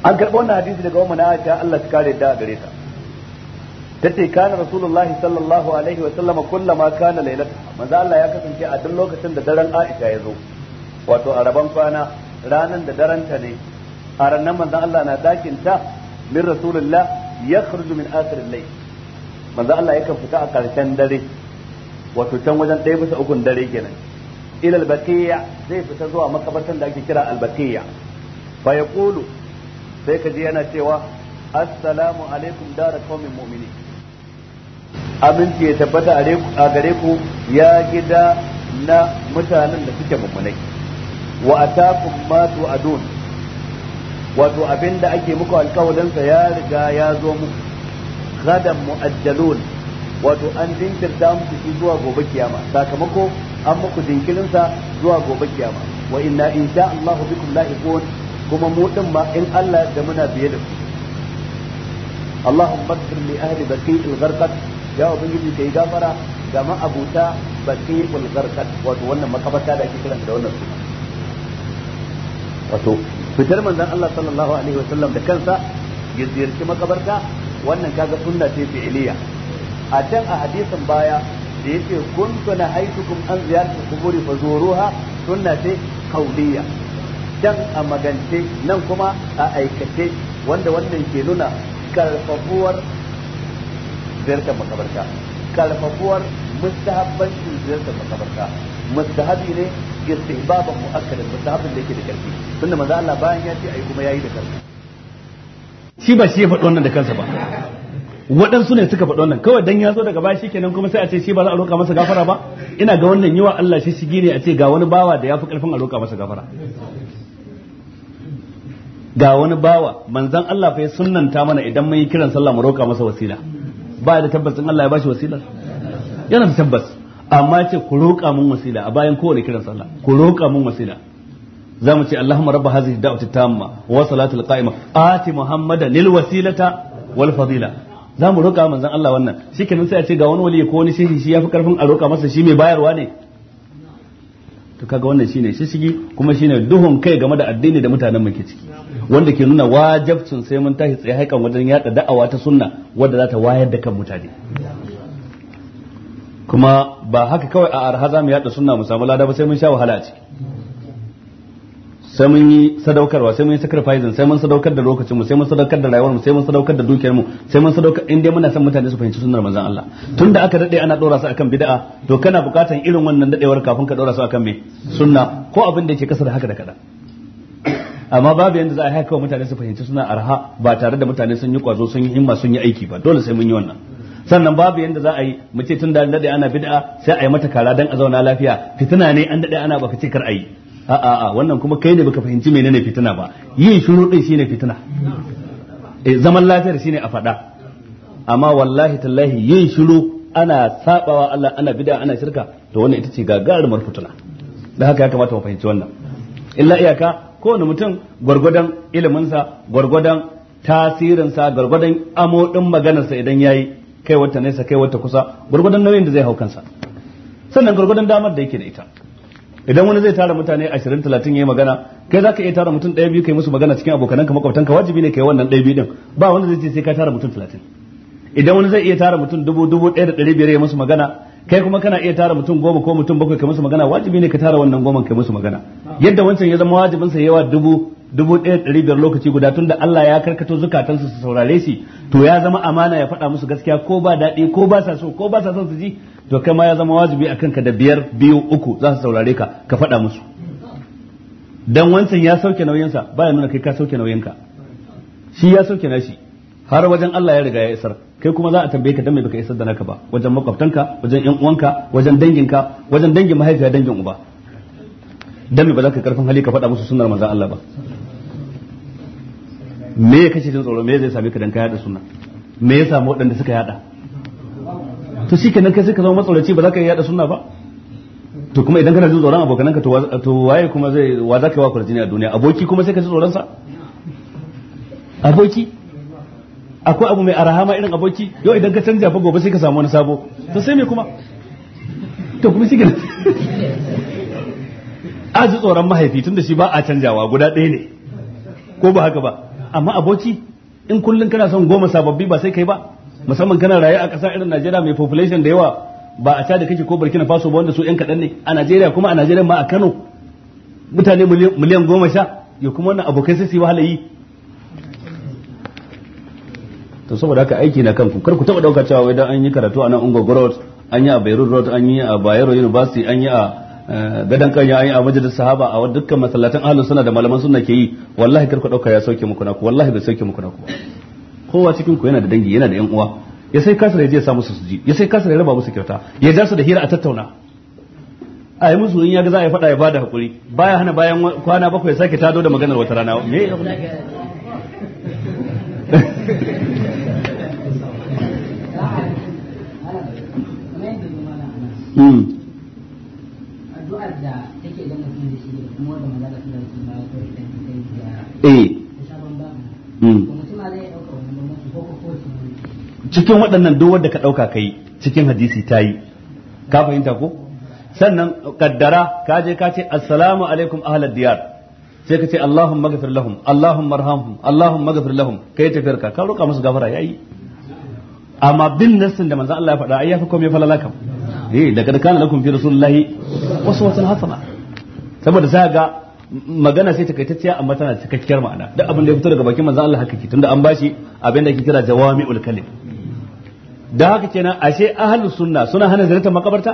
an karɓi wannan hadisi daga umma na Aisha Allah ta kare da gare ta tace kana rasulullah sallallahu alaihi wa sallama kullama kana lailata manzo Allah ya kasance a duk lokacin da daren Aisha ya zo wato a kwana ranan da daren ne a ranan manzo Allah na dakin ta min rasulullah yakhruju min asirin al-layl manzo Allah yakan fita a karshen dare wato can wajen ɗaya bisa ukun dare kenan ila albaqiya zai fita zuwa makabartan da ake kira albaqiya fa yaqulu sai kaji yana cewa assalamu alaikum dara qaumin mu'minin aminci ya tabbata a gare ku ya gida na mutanen da suke mummunai wa atakum ma tu'adun wato abinda ake muku alkawalinsa ya riga ya zo muku gadan mu'ajjalun wato an jinkirta muku shi zuwa gobe kiyama sakamako an muku jinkirin sa zuwa gobe kiyama wa inna insha Allahu bikum la'iqun kuma mu din ma in Allah da muna biye da اللهم اغفر لأهل بقيع الغرقد يا أبنجي كي غفر جماعة أبوتا بقيع الغرقد وتولنا مقبتا دا كتلا تدولنا wato fitar manzon Allah sallallahu alaihi wasallam da kansa ya ziyarci makabarta wannan kaga sunna ce fi'iliya a can a hadisin baya da kun kuntu nahaitukum an ziyarati kuburi fazuruha sunna ce kauliya can a magance nan kuma a aikace wanda wannan ke nuna karfafuwar ziyartar makabarta karfafuwar mustahabbancin ziyartar makabarta mustahabi ne istihbaban mu'akkadan mustahabin da yake da karfi tunda manzo Allah bayan ya ce ayi kuma yayi da karfi shi ba shi ya faɗi wannan da kansa ba waɗansu ne suka faɗi wannan kawai dan ya zo daga baya kenan kuma sai a ce shi ba za a roƙa masa gafara ba ina ga wannan yiwa Allah shi shigi ne a ce ga wani bawa da ya fi ƙarfin a roƙa masa gafara ga wani bawa manzan Allah fa ya sunnanta mana idan mun yi kiran sallah mu roƙa masa wasila ba da tabbas in Allah ya bashi wasila yana da tabbas amma ce ku roƙa mun wasila a bayan kowane kiran sallah ku roƙa mun wasila za mu ce Allahumma rabba hadhihi da'wati tamma wa salatul qa'ima ati muhammadan lil wasilata wal fadila za mu roƙa manzan Allah wannan kenan sai a ce ga wani wali ko wani shehi shi fi karfin a roƙa masa shi mai bayarwa ne to kaga wannan shine shishigi kuma shine duhun kai game da addini da mutanen mu ke ciki wanda ke nuna wajabcin sai mun tashi tsaye haikan wajen yada da'awa ta sunna wanda za ta wayar da kan mutane kuma ba haka kawai a arha za mu yada sunna mu samu lada ba sai mun sha wahala a ciki sai mun yi sadaukarwa sai mun yi sacrifice sai mun sadaukar da lokacin mu sai mun sadaukar da rayuwar mu sai mun sadaukar da dukiyar mu sai mun sadaukar in muna son mutane su fahimci sunnar manzon Allah tunda aka dade ana dora su akan bid'a to kana bukatan irin wannan dadewar kafin ka dora su akan me sunna ko abin da yake kasa haka da kada amma babu yanda za a haka mutane su fahimci suna arha ba tare da mutane sun yi kwazo sun yi himma sun yi aiki ba dole sai mun yi wannan sannan babu yanda za a yi mu ce tun da dade ana bid'a sai a yi mata kara dan a zauna lafiya fitina ne an dade ana baka ce kar a yi A'a, a wannan kuma kai ne baka fahimci menene fitina ba yin shiru din shine fitina eh zaman lafiyar shine a fada amma wallahi tallahi yin shiru ana sabawa Allah ana bid'a ana shirka to wannan ita ce gagarumar fitina da haka ya kamata mu fahimci wannan illa iyaka kowane mutum gwargwadon iliminsa gwargwadon tasirinsa gwargwadon amodin maganarsa idan yayi kai wata nesa kai wata kusa gwargwadon nauyin da zai hau kansa sannan gwargwadon damar da yake da ita idan wani zai tara mutane 20 30 yayi magana kai zaka iya tara mutum ɗaya biyu kai musu magana cikin abokananka makwabtanka wajibi ne kai wannan ɗaya biyu din ba wanda zai ce sai ka tara mutum 30 idan wani zai iya tara mutum dubu dubu ɗaya da ɗari biyar ya musu magana kai kuma kana iya tara mutum goma ko mutum bakwai kai musu magana wajibi ne ka tara wannan goma kai musu magana yadda wancan ya zama wajibin sa yawa dubu dubu ɗaya ɗari biyar lokaci guda tun da Allah ya karkato zukatansu su saurare shi to ya zama amana ya faɗa musu gaskiya ko ba daɗi ko ba sa so ko ba sa son su ji to kai ma ya zama wajibi akan ka da biyar biyu uku za su saurare ka ka faɗa musu dan wancan ya sauke nauyinsa ba ya nuna kai ka sauke nauyinka shi ya sauke nashi har wajen Allah ya riga ya isar kai kuma za a tambaye ka dan me baka isar da naka ba wajen makwabtanka wajen ƴan uwanka wajen danginka wajen dangin mahaifiya dangin uba dan me ba za ka karfin hali ka faɗa musu sunnar manzon Allah ba me ya kashe jin tsoro me zai same ka dan ka yada suna me ya samu waɗanda suka yada to shi kenan kai sai ka zama matsoraci ba za ka yada suna ba to kuma idan kana jin tsoron abokananka to waye kuma zai wa za ka yi wa kurjini a duniya aboki kuma sai ka ji tsoron sa aboki akwai abu mai arahama irin aboki yau idan ka canja fa gobe sai ka samu wani sabo to sai me kuma to kuma shi kenan a ji tsoron mahaifi tun da shi ba a canjawa guda ɗaya ne ko ba haka ba amma aboki in kullum kana son goma sababbi ba sai kai ba musamman kana rayu a ƙasa irin Najeriya mai population da yawa ba a da kake ko Burkina Faso ba wanda su yan kaɗan ne a Najeriya kuma a Najeriya ma a Kano mutane miliyan goma sha ya kuma wannan abokai sai su yi wahala yi to saboda haka aiki na kanku kar ku taba dauka cewa wai dan an yi karatu a nan Ungo Growth an yi a Beirut Road an yi a Bayero University an yi a Eh, gadan kan ya yi a majalisar sahaba a dukkan masallatan ahlus sunna da malaman sunna ke yi wallahi karka dauka ya sauke muku naku wallahi bai sauke muku naku kowa cikin ku yana da dangi yana da yan uwa ya sai kasar ya je ya sa musu suji ya sai kasar ya raba musu kyauta ya ja su da hira a tattauna a yi musu in ya ga za a yi fada ya bada hakuri baya hana bayan kwana bakwai sake tado da maganar wata rana me Mm. cikin waɗannan duk wanda ka ɗauka kai cikin hadisi ta yi ka fahimta ko sannan kaddara ka je ka ce assalamu alaikum ahlal diyar sai ka ce allahumma ghafir lahum allahumma arhamhum allahumma ghafir lahum kai tafiyar ka kan roƙa musu gafara yayi amma bin nassin da manzon Allah ya faɗa ai yafi komai falalaka eh daga kana lakum fi rasulullahi wasu waswatun hasana saboda za ga magana sai ta takaitacciya amma tana cikakkiyar ma'ana duk abin da ya fito daga bakin manzon Allah haka ke tunda an bashi abin da ake kira jawami'ul kalim da haka kenan ashe ahlus sunna suna hana ziyartar makabarta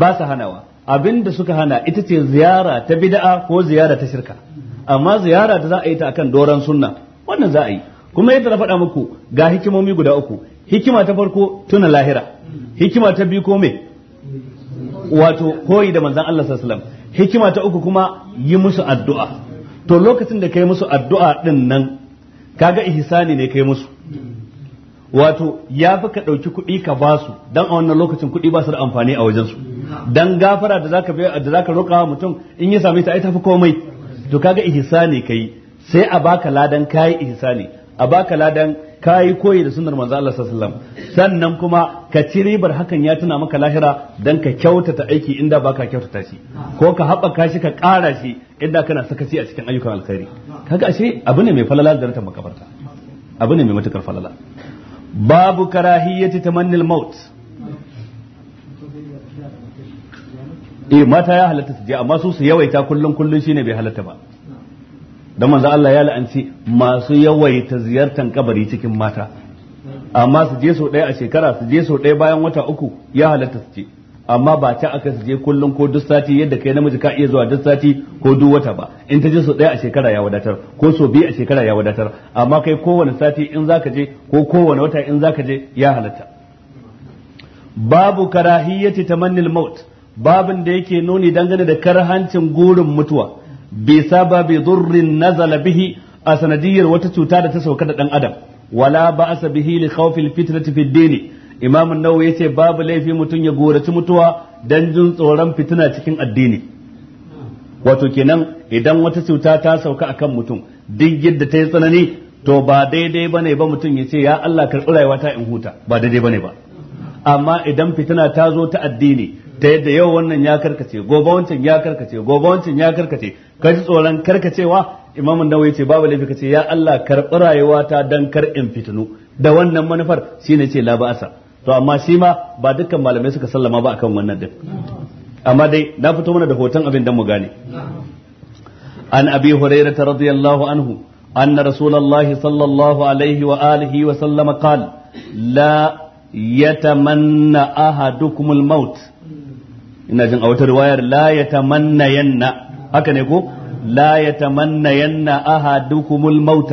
ba su hanawa abin da suka hana ita ce ziyara ta bid'a ko ziyara ta shirka amma ziyara da za a yi ta akan doran sunna wannan za a yi kuma yadda na faɗa muku ga hikimomi guda uku hikima ta farko tuna lahira hikima ta biyu ko me wato koyi da manzon Allah sallallahu alaihi wasallam hikima ta uku kuma yi musu addu'a to lokacin da kai musu addu'a din nan kaga ihsani ne kai musu wato ya fi ka ɗauki kuɗi ka ba su don a wannan lokacin kuɗi ba su da amfani a wajensu don gafara da zaka da zaka roƙa mutum in ya sami ta ai tafi komai to kaga ihsani kai sai a baka ladan kai ihsani a baka ladan ka yi koyi da sunnar manzo Allah sallallahu alaihi wasallam sannan kuma ka ci ribar hakan ya tuna maka lahira dan ka kyautata aiki inda baka kyautata shi ko ka haɓaka shi ka ƙara shi inda kana sakaci a cikin ayyukan alkhairi kaga ashe abu ne mai falala da rantar makabarta abu ne mai matukar falala babu karahiyyati tamannil maut eh mata ya halatta su je amma su su yawaita kullun kullun shine bai halatta ba Don manzo Allah ya la'anci masu yawaita ziyartar kabari cikin mata amma su je sau ɗaya a shekara su je sau ɗaya bayan wata uku ya halatta su je amma ba ta aka su je kullum ko duk sati yadda kai namiji ka iya zuwa duk sati ko duk wata ba in ta je sau ɗaya a shekara ya wadatar ko sau biyu a shekara ya wadatar amma kai kowane sati in za ka je ko kowane wata in za ka je ya halatta babu karahiyyati tamannil maut babin da yake nuni dangane da karhancin gurin mutuwa bi sababi durrin nazala bihi a sanadiyyar wata cuta da ta sauka da dan adam wala ba'sa bihi li khawfil fitnati fid din imam an-nawawi yace babu laifi mutum ya goraci mutuwa dan jin tsoron fitina cikin addini wato kenan idan wata cuta ta sauka akan mutum duk yadda ta yi tsanani to ba daidai bane ba mutum ya ce ya Allah karɓi rayuwata in huta ba daidai bane ba amma idan fitina ta zo ta addini ta yadda yau wannan ya karkace gobe wancan ya karkace gobe wancan ya karkace ka ji tsoron karkacewa imamun nawawi ce babu laifi ce, ya Allah karɓi ta dan kar in fitinu da wannan manufar shine ce la ba'asa to amma shi ma ba dukkan malamai suka sallama ba akan wannan din amma dai na fito mana da hoton abin dan mu gane an abi hurairah radiyallahu anhu anna rasulullahi sallallahu alaihi wa alihi wa sallama qala la yatamanna ahadukumul maut ina jin a wata riwayar la yatamanna yanna haka ne ko la yatamanna yanna ahadukumul maut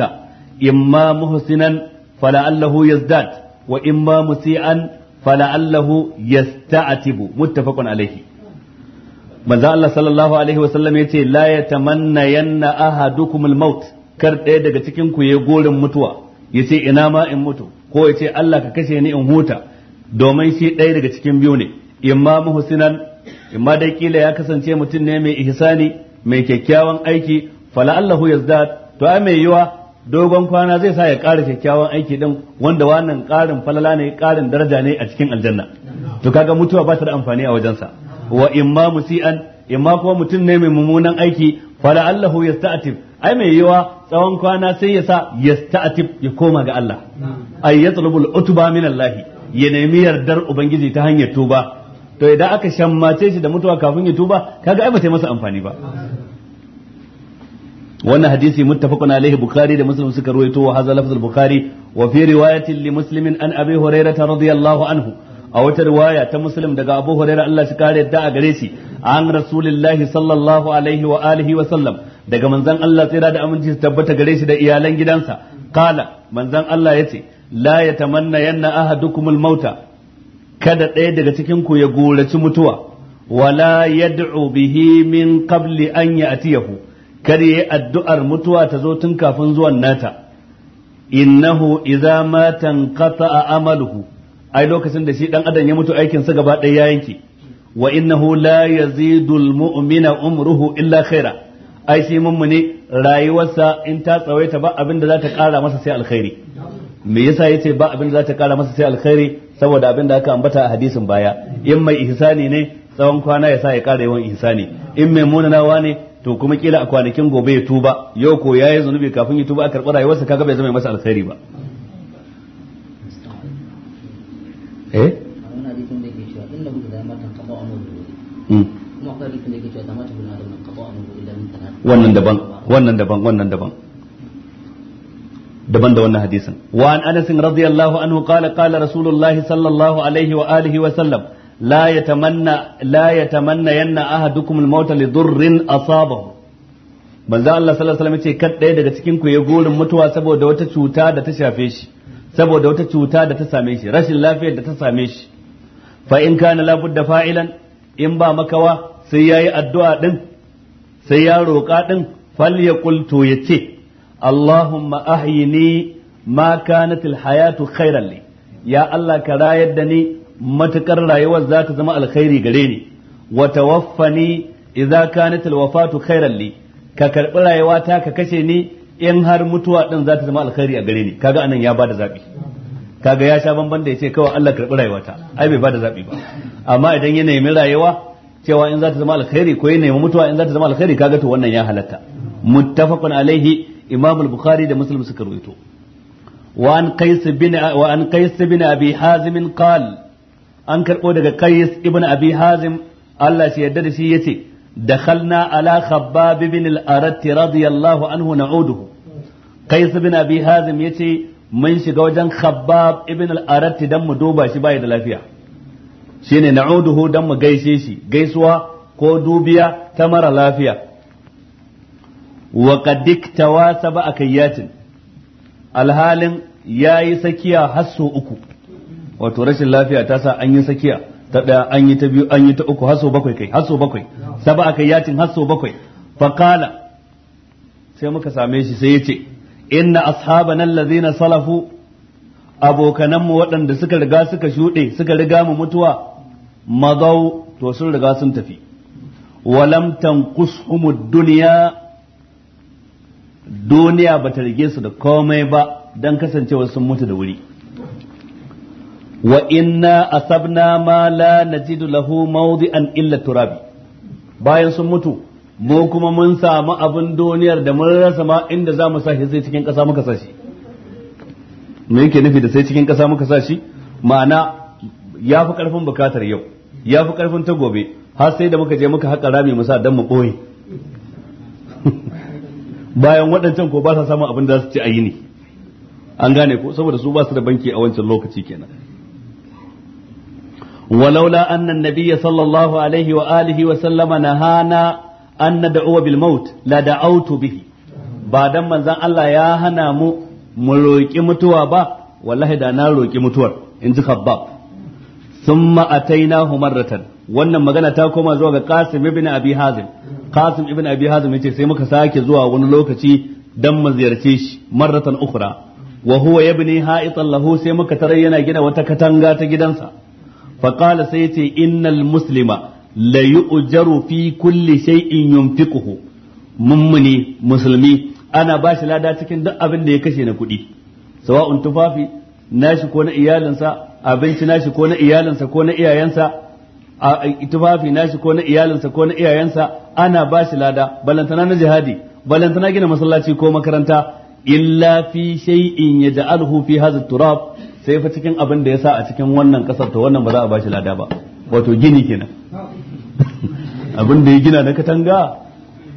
imma muhsinan fala'allahu yazdad wa imma musian fala'allahu yasta'tibu muttafaqun alayhi manzo Allah sallallahu alaihi wa sallam yace la yatamanna yanna ahadukumul maut kar ɗaya daga cikin ku ya gorin mutuwa yace ina ma in mutu ko ya ce Allah ka kashe ni in huta domin shi ɗaya daga cikin biyu ne imma muhsinan imma dai kila ya kasance mutum ne mai ihsani mai kyakkyawan aiki fala Allahu yazdad to ai mai yiwa dogon kwana zai sa ya ƙara kyakkyawan aiki din wanda wannan ƙarin falala ne ƙarin daraja ne a cikin aljanna to kaga mutuwa ba ta da amfani a wajensa wa imma musian imma kuma mutum ne mai mummunan aiki fala Allahu yasta'atif ai mai yiwa tsawon kwana sai ya sa yasta'tib ya koma ga Allah ya tsalubu utba min Allah ya nemi yardar ubangiji ta hanyar tuba to idan aka shammace shi da mutuwa kafin ya tuba kaga ai ba ta masa amfani ba wannan hadisi muttafaqun alaihi bukhari da muslim suka ruwaito wa hadha lafzul bukhari wa fi riwayatin li muslimin an abi hurairah radiyallahu anhu a wata riwaya ta muslim daga abu hurairah Allah shi kare da a gare shi an rasulillahi sallallahu alaihi wa alihi wa sallam daga manzon Allah tsira da aminci tabbata gare shi da iyalan gidansa kala manzon Allah yace la yatamanna yanna ahadukumul mauta kada ɗaya daga cikin ku ya goraci mutuwa wala yad'u bihi min qabli an ya'tiyahu kada yayi addu'ar mutuwa ta zo tun kafin zuwan nata innahu idza matan qata'a amaluhu ai lokacin da shi dan adam ya mutu aikin sa gaba ɗaya ya wa innahu la yazidul mu'mina umruhu illa khaira ai shi mummune rayuwarsa in ta tsawaita ba abin da za ta kara masa sai alkhairi me yasa yace ba abin da za ta kara masa sai alkhairi saboda abin da aka ambata a hadisin baya in mai ihsani ne tsawon kwana yasa ya kara yawan ihsani in mai munanawa ne to kuma kila a kwanakin gobe ya tuba yau ko yayi zunubi kafin ya tuba a karɓi rayuwarsa kaga bai zama masa alkhairi ba eh hmm. wannan daban wannan daban wannan daban daban da wannan hadisin wa an anas radiyallahu anhu qala qala rasulullahi sallallahu alaihi wa alihi wa sallam la yatamanna la yatamanna yanna ahadukum al-maut li durrin asabahu manzo Allah sallallahu alaihi sallam yace kad daya daga cikin ku ya gurin mutuwa saboda wata cuta da ta shafe shi saboda wata cuta da ta same shi rashin lafiyar da ta same shi fa in kana labudda fa'ilan in ba makawa sai yayi addu'a din sai ya roƙa din falyaqul to yace Allahumma ahyini ma kanat alhayatu khairan li ya Allah ka rayar da ni matukar rayuwar za ta zama alkhairi gare ni wa tawaffani idza kanat alwafatu khairan li ka karbi rayuwata ka kashe ni in har mutuwa din za ta zama alkhairi a gare ni kaga anan ya bada zabi kaga ya sha bamban da yace kawai Allah karbi rayuwata ai bai bada zabi ba amma idan ya nemi rayuwa cewa in za ta zama alkhairi ko ya nemi mutuwa in za ta zama alkhairi kaga to wannan ya halatta muttafaqun alaihi imam al-bukhari da muslim suka rawaito wa an qais bin wa an qais bin abi hazim qal an karbo daga qais ibn abi hazim Allah shi yadda da shi yace dakhalna ala khabbab bin al-arat radiyallahu anhu na'uduhu kaisu bin abi hazim ya ce mun shiga wajen khabbab ibn al aratti dan mu duba shi bai da lafiya shine na'uduhu dan mu gaishe shi gaisuwa ko dubiya ta mara lafiya wa qad iktawa sab'a kayatin alhalin yayi sakiya hasso uku wato rashin lafiya ta sa an yi sakiya ta daya an yi ta biyu an yi ta uku hasso bakwai kai hasso bakwai sab'a kayatin hasso bakwai qala sai muka same shi sai yace inna ashaban allazina salafu abokananmu waɗanda suka riga suka shuɗe suka riga mu mutuwa mazau to sun riga sun tafi walam tanqushum dunya duniya ba ta rige su da komai ba dan kasancewa sun mutu da wuri wa inna asabna ma la najidu lahu mawdi'an illa turabi bayan sun mutu mu kuma mun samu abin duniyar da mun rasa ma inda za mu sa shi sai cikin ƙasa muka sa shi me yake nufi da sai cikin ƙasa muka sa shi ma'ana ya fi ƙarfin bukatar yau ya fi ƙarfin ta gobe har sai da muka je muka haƙa rami mu sa dan mu ɓoye bayan waɗancan ko ba sa samun abin da su ci a yini an gane ko saboda su ba su da banki a wancan lokaci kenan ولولا أن النبي صلى الله عليه وآله وسلم نهانا an nad'u bil maut la da'autu bihi ba dan manzon Allah ya hana mu mu roƙi mutuwa ba wallahi da na roki mutuwar in ji khabbab thumma atainahu marratan wannan magana ta koma zuwa ga Qasim ibn Abi Hazim Qasim ibn Abi Hazim yace sai muka sake zuwa wani lokaci dan mu ziyarce shi marratan ukhra wa huwa yabni ha'itan lahu sai muka tarar yana gina wata katanga ta gidansa fa qala sai yace innal muslima la yu'jaru fi kulli shay'in yunfiquhu mummuni musulmi ana ba shi lada cikin duk abin da ya kashe na kuɗi sawa'un tufafi nashi ko na iyalinsa abinci nashi ko na iyalinsa ko na iyayensa a tufafi nashi ko na iyalinsa ko na iyayensa ana ba shi lada balantana na jihadi balantana gina masallaci ko makaranta illa fi shay'in yaj'alhu fi hadha turab sai fa cikin abin da yasa a cikin wannan kasar to wannan ba za a ba shi lada ba wato gini kenan abin da ya gina na katanga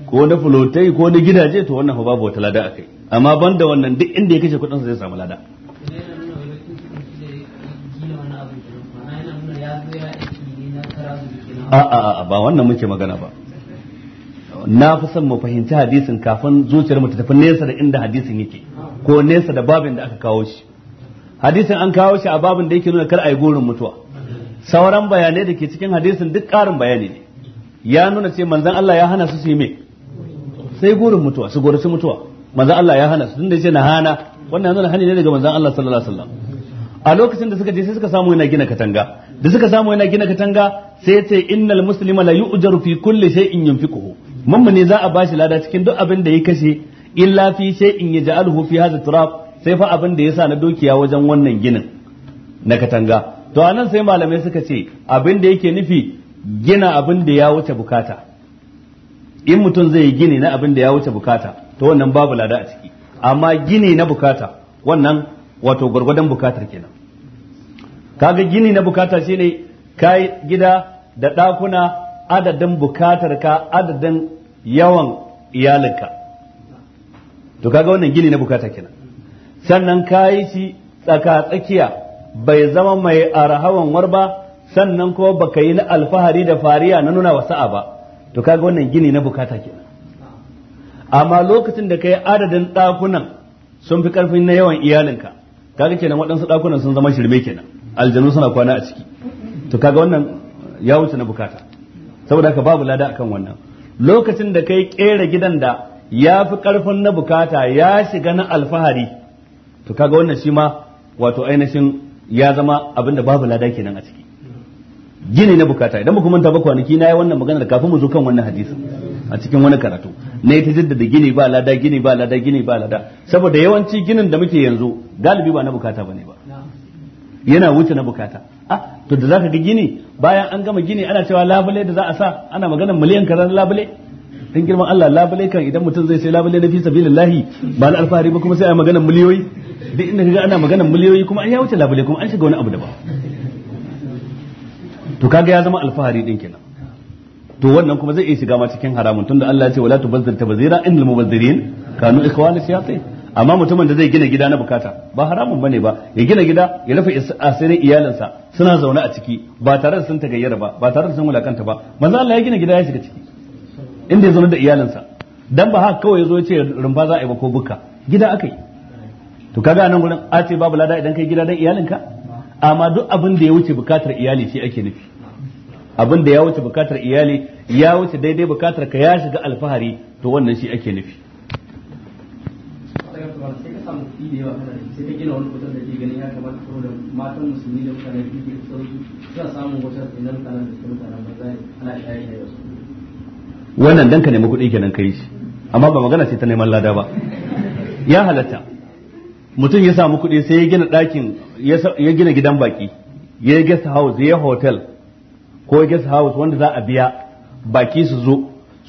ko na fulotai ko na gidaje to wannan babu wata lada akai amma ban da wannan duk inda ya kashe kudinsa zai samu lada A'a, ba wannan muke magana ba na fi son mu fahimci hadisin kafin zuciyar mu ta tafi nesa da inda hadisin yake ko nesa da babin da aka kawo shi hadisin an kawo shi a babin da yake nuna kar a yi gurin mutuwa sauran bayanai da ke cikin hadisin duk ƙarin bayani ne ya nuna ce manzan Allah ya hana su su yi me sai gurin mutuwa su gurin su mutuwa manzan Allah ya hana su tun da ce na hana wannan nuna hani ne daga manzan Allah sallallahu alaihi a lokacin da suka je sai suka samu yana gina katanga da suka samu yana gina katanga sai ce innal muslima la yu'jaru fi kulli shay'in yunfiquhu mamma ne za a bashi lada cikin duk abin da ya kashe illa fi shay'in yaj'aluhu fi hadha turaf sai fa abin da ya sa na dokiya wajen wannan ginin na katanga to anan sai malamai suka ce abin da yake nufi gina abin da ya wuce bukata in mutum zai gini na abin da ya wuce bukata to wannan babu lada a ciki amma gini na bukata wannan wato gwargwadon bukatar kenan kaga gini na bukata shine kai gida da ɗakuna adadin bukatar ka adadin yawan iyalinka to kaga wannan gini na bukata kenan sannan kayi shi tsaka tsakiya bai zama mai arahawan war ba sannan kuma baka yi na alfahari da fariya na nuna wasa'a ba to kaga wannan gini na bukata kenan amma lokacin da kai adadin ɗakunan sun fi karfin na yawan iyalinka kaga kenan waɗansu ɗakunan sun zama shirme kenan aljanu suna kwana a ciki to kaga wannan ya wuce na bukata saboda haka babu lada akan wannan lokacin da kai kera gidan da ya fi karfin na bukata ya shiga na alfahari to kaga wannan shi ma wato ainihin ya zama abinda babu lada kenan a ciki gini na bukata idan muku manta ba kwanaki na yi wannan maganar kafin mu zo kan wannan hadisi a cikin wani karatu na ta jaddada gini ba lada gini ba lada gini ba lada saboda yawanci ginin da muke yanzu galibi ba na bukata bane ba yana wuce na bukata ah to da zaka ga gini bayan an gama gini ana cewa labule da za a sa ana maganar miliyan kaza labule dan girman Allah labule kan idan mutum zai sai labule na fi sabilillahi ba na alfahari ba kuma sai a maganar miliyoyi duk inda kaga ana maganar miliyoyi kuma an ya wuce labule kuma an shiga wani abu daban to kaga ya zama alfahari din kenan to wannan kuma zai iya shiga ma cikin haramun tunda Allah ya ce wala tubazzir tabzira innal mubazzirin kanu ikhwana shayatin amma mutumin da zai gina gida na bukata ba haramun bane ba ya gina gida ya rufe asirin iyalinsa suna zaune a ciki ba tare da sun tagayyara ba ba tare da sun wulakanta ba manzo Allah ya gina gida ya shiga ciki inda ya zaune da iyalinsa dan ba haka kawai ya zo ya ce rumfa za a yi ba ko bukka gida aka yi to kaga nan gurin a ce babu lada idan kai gida dan iyalinka amma duk abin da ya wuce bukatar iyali shi ake nufi abin da ya wuce bukatar iyali ya wuce daidai bukatar ka ya shiga alfahari to wannan shi ake nufi wannan danka ka nemi kuɗi kenan kai shi amma ba magana sai ta neman lada ba ya halatta mutum ya samu kuɗi sai ya gina ɗakin ya gina gidan baki ya guest house ya hotel ko guest house wanda za a biya baki su zo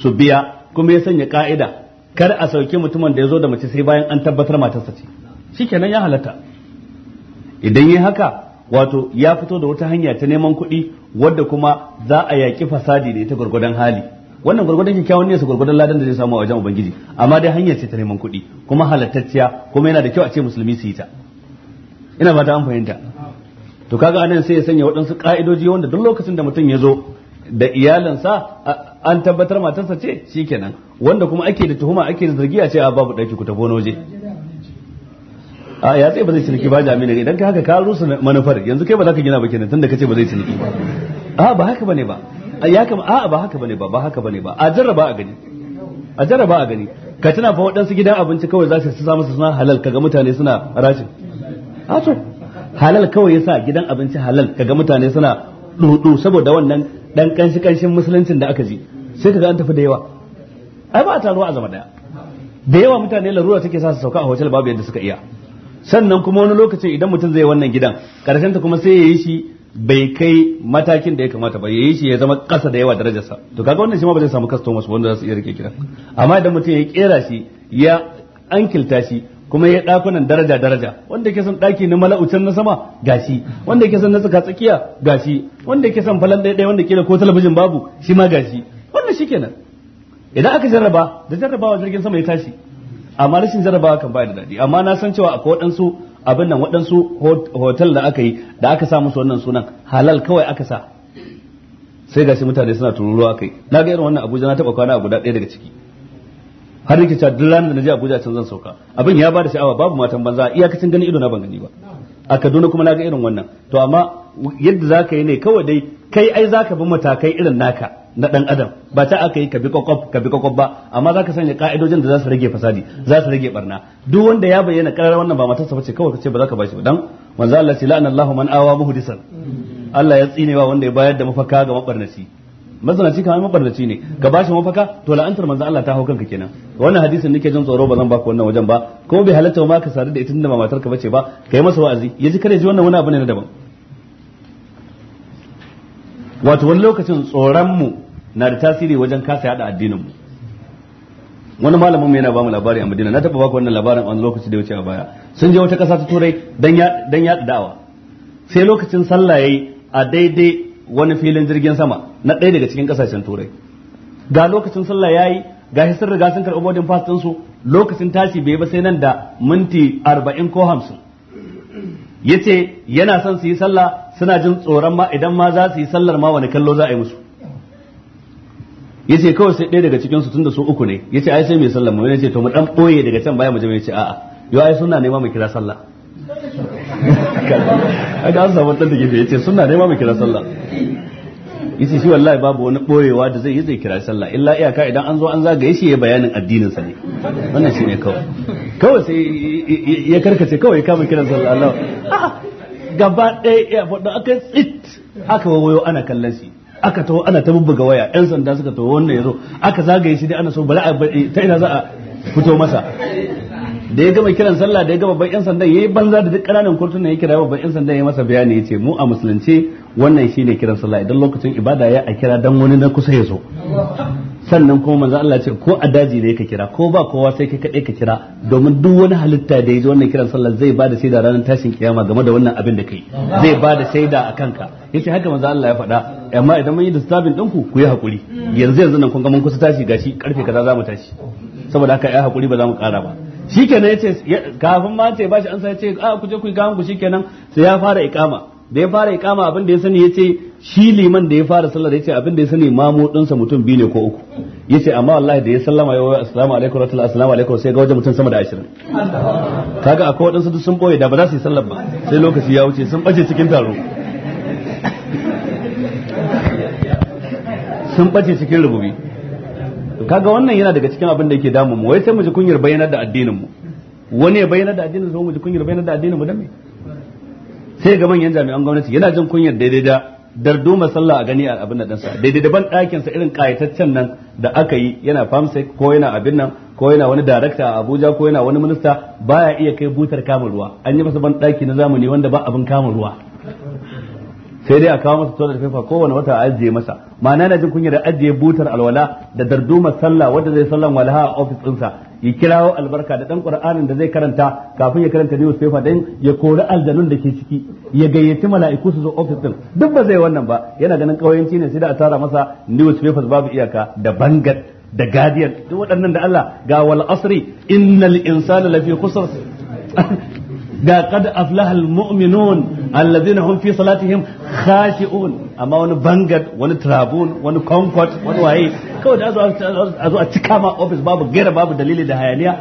su biya kuma ya sanya ka'ida kar a sauke mutumin da ya zo da mace sai bayan an tabbatar matarsa ce shikenan ya halatta idan yi haka wato ya fito da wata hanya ta neman kuɗi wadda kuma za a yaƙi fasadi da ita gwargwadon hali wannan gurgurdan kyakkyawan niyyarsa gurgurdan ladan da zai samu a wajen ubangiji amma dai hanyar ce ta neman kuɗi kuma halattacciya kuma yana da kyau a ce musulmi su yi ta ina ba ta an fahimta to kaga anan sai ya sanya waɗansu ka'idoji wanda duk lokacin da mutum ya zo da iyalansa an tabbatar matarsa ce shikenan wanda kuma ake da tuhuma ake da zargi a ce a babu ɗaki ku tafi wani waje a ya tsaye ba zai ciniki ba jami'a idan ka haka ka rusa manufar yanzu kai ba za ka gina ba kenan tunda ce ba zai ciniki ba a ba haka ba ne ba ya kama a'a ba haka bane ba ba haka bane ba a jarraba a gani a jarraba a gani ka tana fa waɗansu gidan abinci kawai za su sa musu suna halal kaga mutane suna rashin a to halal kawai yasa gidan abinci halal kaga mutane suna dudu saboda wannan dan kanshi kanshin musuluncin da aka ji sai kaga an tafi da yawa ai ba a taro a zama daya da yawa mutane larura take sa su sauka a hotel babu yadda suka iya sannan kuma wani lokacin idan mutum zai wannan gidan karshen ta kuma sai ya yi shi bai kai matakin da ya kamata ba yayi shi ya zama ƙasa da yawa darajarsa to kaga wannan shi ma ba zai samu customers wanda za su iya rike kira amma idan mutum ya kera shi ya ankilta shi kuma ya dakunan daraja daraja wanda ke son daki na mala'ucin na sama gashi wanda ke son na tsaka tsakiya gashi wanda ke son falan daidai wanda ke da ko talabijin babu shi ma gashi wannan shikenan idan aka jarraba da jarrabawa jirgin sama ya tashi amma rashin jarrabawa kan ba da daɗi amma na san cewa akwai waɗansu abin nan waɗansu hotel da aka yi da aka samu su wannan sunan halal kawai aka sa sai gashi mutane suna aka yi na ga irin wannan Abuja na taba kwana a guda ɗaya daga ciki har yake ca duk ranar da naje Abuja can zan sauka abin ya bada sha'awa babu matan banza iyakacin ganin ido na ban gani ba a Kaduna kuma na ga irin wannan to amma yadda za ka yi ne kawai dai kai ai za ka bi matakai irin naka na dan adam ba ta aka yi ka bi kwakwab ka bi kwakwab ba amma za ka sanya ka'idojin da za su rage fasadi za su rage barna duk wanda ya bayyana karar wannan ba matarsa bace kawai ka ce ba za ka shi ba dan manzo Allah sai la'ana Allahu man awa muhdisan Allah ya tsinewa wanda ya bayar da mafaka ga mabarnaci mazanaci kamar mabarnaci ne ka bashi mafaka to la'antar manzo Allah ta hau kanka kenan wannan hadisin nake jin tsoro ba zan baka wannan wajen ba ko bai halatta ma ka sadu da itin da matarka bace ba kai masa wa'azi yaji kare ji wannan wani abu ne na daban wato wani lokacin tsoron mu na da tasiri wajen kasa yada addinin mu wani malamin mu yana ba mu labari a Madina na taba baka wannan labarin a wani lokaci da wuce a baya sun je wata kasa ta turai dan ya dan ya sai lokacin sallah yayi a daidai wani filin jirgin sama na ɗaya daga cikin kasashen turai ga lokacin sallah yayi ga shi sun riga sun karɓi bodin pass su lokacin tashi bai ba sai nan da minti arba'in ko hamsin yace yana son su yi sallah suna jin tsoron ma idan ma za su yi sallar ma wani kallo za a yi musu yace kawai sai ɗaya daga cikin su tunda su uku ne yace ai sai mai sallar mu yace to mu dan boye daga can baya mu je yace a'a yo ai sunna ne ma mu kira sallah kaga an samu dan da gefe yace sunna ne ma mu kira sallah yace shi wallahi babu wani boyewa da zai yi zai kira sallah illa iyaka idan an zo an zagaye shi ya bayanin addinin sa ne wannan shine kawai kawai sai ya karkace kawai kama kiran sallah Allah gaba ɗaya ya faɗa aka tsit aka wawayo ana kallon shi aka taho ana ta bubbuga waya yan sanda suka taho wanda ya zo aka zagaye shi dai ana so bari a ta ina za a fito masa da ya gama kiran sallah da ya gama babban sandan yayi banza da duk ƙananan kurtun ya kira babban yan sandan ya masa bayani ya ce mu a musulunci wannan ne kiran sallah idan lokacin ibada ya a kira dan wani na kusa ya zo sannan kuma manzo Allah ce ko a daji ne ka kira ko ba kowa sai kai kadai ka kira domin duk wani halitta da yaji wannan kiran sallah zai bada shaida ranar tashin kiyama game da wannan abin da kai zai bada shaida a kanka yace haka manzo Allah ya faɗa amma idan mun yi disturbing din ku ku yi hakuri yanzu yanzu nan kun ga mun kusa tashi gashi karfe kaza za mu tashi saboda haka ya hakuri ba za mu ƙara ba shikenan yace kafin ma ce bashi an sai yace a ah, ku je ku yi gawan ku shikenan sai ya fara ikama da ya fara ikama abin da ya sani ya ce shi liman da ya fara sallar ya ce abin da ya sani mamu dinsa mutum biyu ne ko uku Ya ce amma wallahi da ya sallama ya wa assalamu alaikum wa assalamu alaikum sai ga wajen mutum sama da ashirin kaga akwai waɗansu duk sun boye da ba za su yi sallar ba sai lokaci ya wuce sun bace cikin taro sun bace cikin rububi kaga wannan yana daga cikin abin da yake damu mu wai sai mu ji kunyar bayyana da addinin mu wani ya bayyana da addinin mu ji kunyar bayyana da addinin mu dan me sai ga manyan jami'an gwamnati yana jin kunyar daidai da darduma sallah a gani a abin da sa daidai da ban ɗakin sa irin kayataccen nan da aka yi yana famsek ko yana abin nan ko yana wani darakta a Abuja ko yana wani minista baya iya kai butar kamun ruwa an yi masa ban ɗaki na zamani wanda ba abin kamun ruwa sai dai a kawo masa da paper kowane wata a ajiye masa ma'ana na jin kunya da ajiye butar alwala da darduma sallah wanda zai sallan walaha a ofis ɗinsa ya kirawo albarka da ɗan qur'anin da zai karanta kafin ya karanta fefa don ya kori aljanun da ke ciki ya gayyaci mala'iku su zo ofis ɗin. duk ba zai wannan ba yana ganin kauyanci ne sai da a tara masa newspapers babu iyaka da bangat da guardian duk waɗannan da Allah ga wal asri innal insana lafi khusr ga kad aflahal mu'minun alladhina hum fi salatihim khashi'un amma wani bangad wani trabun wani concord wani waye kawai da a zo a cika ma office babu gera babu dalili da hayaniya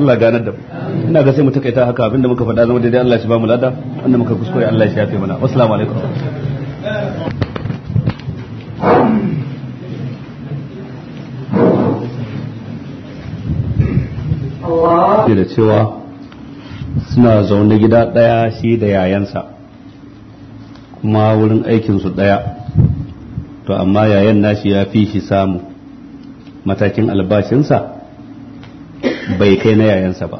Allah ganar da mu ina ga sai mu takaita haka abinda muka faɗa zama daidai Allah shi ba mu lada wanda muka kuskure Allah shi yafe mana assalamu alaikum Allah da cewa suna zaune gida ɗaya shi da yayansa kuma wurin aikinsu ɗaya to amma yayan nashi ya fi shi samu matakin albashinsa bai kai na yayansa ba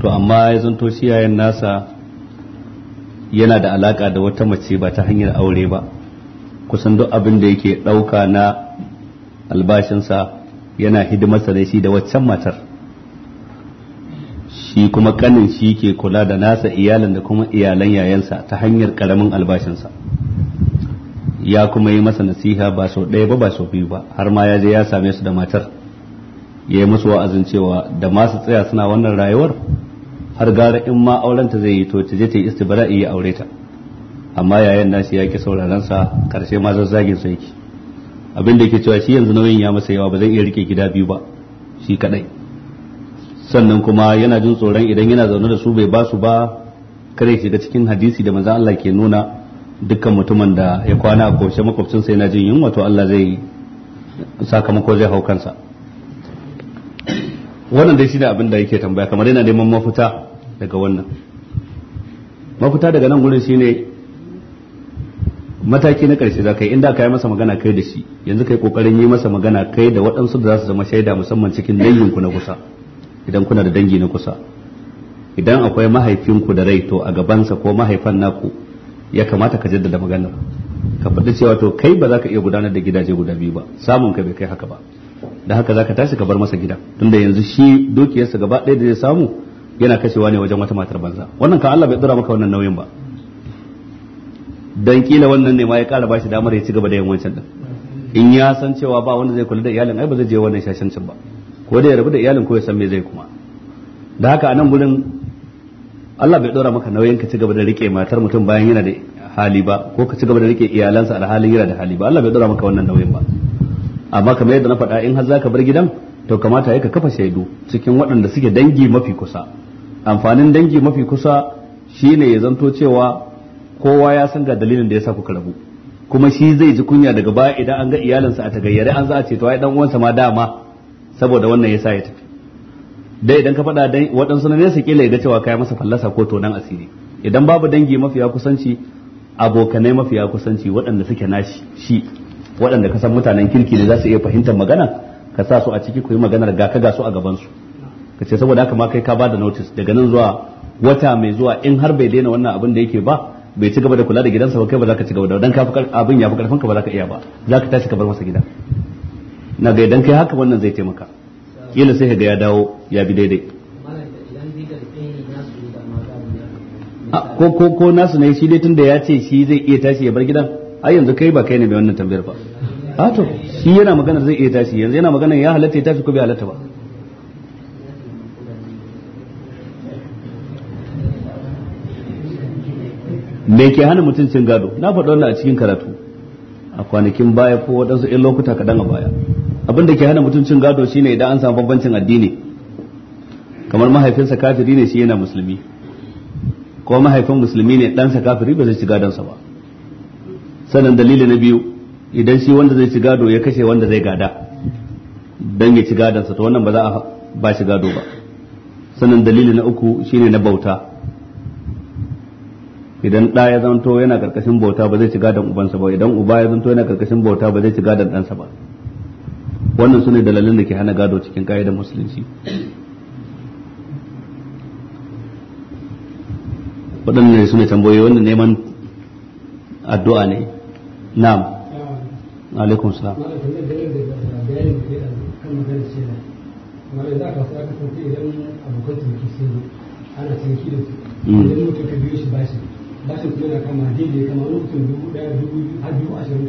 to amma ya zanto shi yayan nasa yana da alaka da wata mace ba ta hanyar aure ba kusan duk abin da yake ɗauka na albashinsa yana hidimarsa da shi da waccan matar shi kuma kanin shi ke kula da nasa iyalan da kuma iyalan yayansa ta hanyar karamin albashinsa ya kuma yi masa nasiha ba sau ɗaya ba ba sau biyu ba har ma ya je ya same su da matar ya yi musu wa'azin cewa da masu tsaya suna wannan rayuwar har gara in ma aurenta zai yi to ta je ta yi istibara iya aure ta amma yayan shi ya ki sauraransa sa karshe ma zazzagin sa yake abin da ke cewa shi yanzu nauyin ya masa yawa ba zai iya rike gida biyu ba shi kaɗai. sannan kuma yana jin tsoron idan yana zaune da su bai ba su ba kare shiga cikin hadisi da manzon Allah ke nuna dukkan mutumin da ya kwana a koshe makwabcinsa yana jin yunwa to Allah zai sakamako zai hau kansa wannan dai shine abin da yake tambaya kamar yana neman mafita daga wannan mafita daga nan gurin shine mataki na karshe za ka yi inda ka yi masa magana kai da shi yanzu ka yi kokarin yi masa magana kai da waɗansu da za su zama shaida musamman cikin ku na kusa idan kuna da dangi na kusa idan akwai mahaifinku da rai to a gabansa ko mahaifan naku ya kamata ka jaddada maganar ka faɗi cewa to kai ba za ka iya gudanar da gidaje guda biyu ba samun ka bai kai haka ba da haka za ka tashi ka bar masa gida tunda yanzu shi dukiyarsa gaba ɗaya da zai samu yana kashewa ne wajen wata matar banza wannan kan Allah bai dora maka wannan nauyin ba dan kila wannan ne ma ya ƙara bashi damar ya ci gaba da yin wancan din in ya san cewa ba wanda zai kula da iyalin ai ba zai je wannan shashancin ba ko da ya rabu da iyalin ko ya san me zai kuma da haka a nan gurin Allah bai dora maka nauyin ka ci gaba da rike matar mutum bayan yana da hali ba ko ka ci gaba da rike iyalansa halin yana da hali ba Allah bai dora maka wannan nauyin ba amma kamar yadda na faɗa in har zaka bar gidan to kamata ya ka kafa shaidu cikin waɗanda suke dangi mafi kusa amfanin dangi mafi kusa shine ya zanto cewa kowa ya san ga dalilin da ya sa kuka rabu kuma shi zai ji kunya daga baya idan an ga iyalinsa a tagayyare an za a ce to ai dan uwansa ma dama saboda wannan sa ya tafi dai idan ka faɗa dai waɗansu na nesa kila ga cewa kai masa fallasa ko tonan asiri idan babu dangi mafiya kusanci abokanai mafiya kusanci waɗanda suke nashi shi waɗanda ka san mutanen kirki ne za su iya fahimtar magana ka sa su a ciki ku yi maganar ga ka ga su a gaban su ka ce saboda haka ma kai ka bada notice daga nan zuwa wata mai zuwa in har bai daina wannan abin da yake ba bai ci gaba da kula da gidansa ba kai ba za ka ci gaba da dan abin ya fi karfin ka ba za ka iya ba za ka tashi ka bar masa gida na ga idan kai haka wannan zai taimaka kila sai ga ya dawo ya bi daidai ko ko ko nasu ne shi dai tunda ya ce shi zai iya tashi ya bar gidan ai yanzu kai ba kai ne mai wannan tambayar ba a to shi yana magana zai iya tashi yanzu yana magana ya halatta ya tashi ko bai halatta ba me ke hana mutum cin gado na faɗa wannan a cikin karatu a kwanakin baya ko waɗansu 'yan lokuta kaɗan a baya abin da ke hana mutum cin gado shine idan an samu bambancin addini kamar mahaifinsa kafiri ne shi yana musulmi ko mahaifin musulmi ne ɗansa kafiri ba zai ci gadonsa ba sannan dalili na biyu idan shi wanda zai ci gado ya kashe wanda zai gada don ya ci gadonsa to wannan ba za a ba shi gado ba sannan dalili na uku shine na bauta idan ɗa ya zanto yana karkashin bauta ba zai ci gadon ubansa ba idan uba ya zanto yana karkashin bauta ba zai ci gadon ɗansa ba wannan ne dalilin da ke hana gado cikin ka'idar musulunci waɗannan su ne tambayoyi wanda neman addu'a ne na'am alaikum salam ana da idan mutum ka biyo shi bashi kuma yana kama daidai kama lokacin dubu dubu har dubu ashirin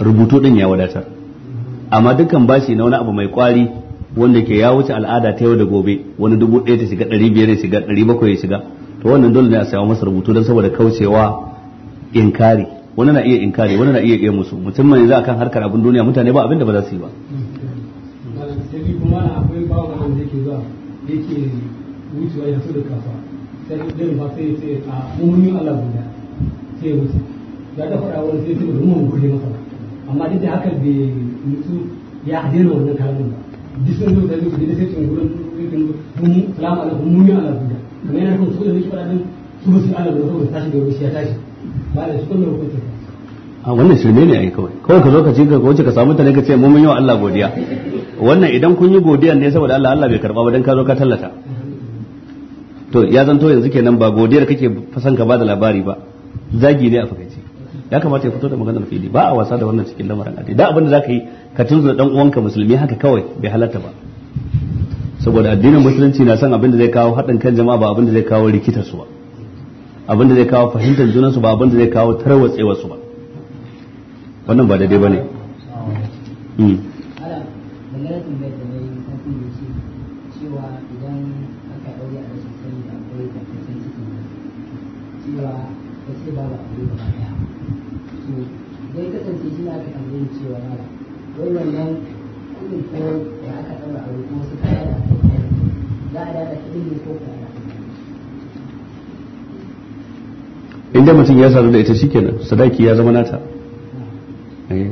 rubutu din ya wadatar amma dukkan bashi na wani abu mai kwari wanda ke ya wuce al'ada ta yau da gobe wani dubu ɗaya ta shiga ɗari biyar ya shiga ɗari bakwai ya shiga to wannan dole ne a samu masa rubutu don saboda kaucewa inkari wani na iya inkari wani na iya iya musu za a kan harkar abin duniya mutane ba abin da ba za su yi ba ya da kafa sai amma duk da haka bai mutu ya daina wannan kalamin ba duk sun zo da zuwa da sai tun gurin rikin mun salamu alaikum mun yi alabuja kuma yana kan su da nake faɗa din su ba su yi alabuja saboda tashi da ruwa ya tashi ba da su kullum hukunci a wannan shirme ne ai kawai kawai ka zo ka ci ka wuce ka samu ta ne ka ce mun yi wa Allah godiya wannan idan kun yi godiya ne saboda Allah Allah bai karba ba dan ka zo ka tallata to ya zanto yanzu kenan ba godiyar kake fasan ka ba da labari ba zagi ne a fakaci ya kamata ya fito da maganar fili ba a wasa da wannan cikin lamarin addini da abin da zaka yi ka da dan uwanka musulmi haka kawai bai halatta ba saboda addinin musulunci na son abin da zai kawo haɗin kan jama'a ba abin da zai kawo rikitar su ba abin da zai kawo fahimtar junansu ba abin da zai kawo tarwatsewar su ba wannan ba daidai bane hmm. inda mutum ya sadu da ita kenan sadaki ya zama nata eh.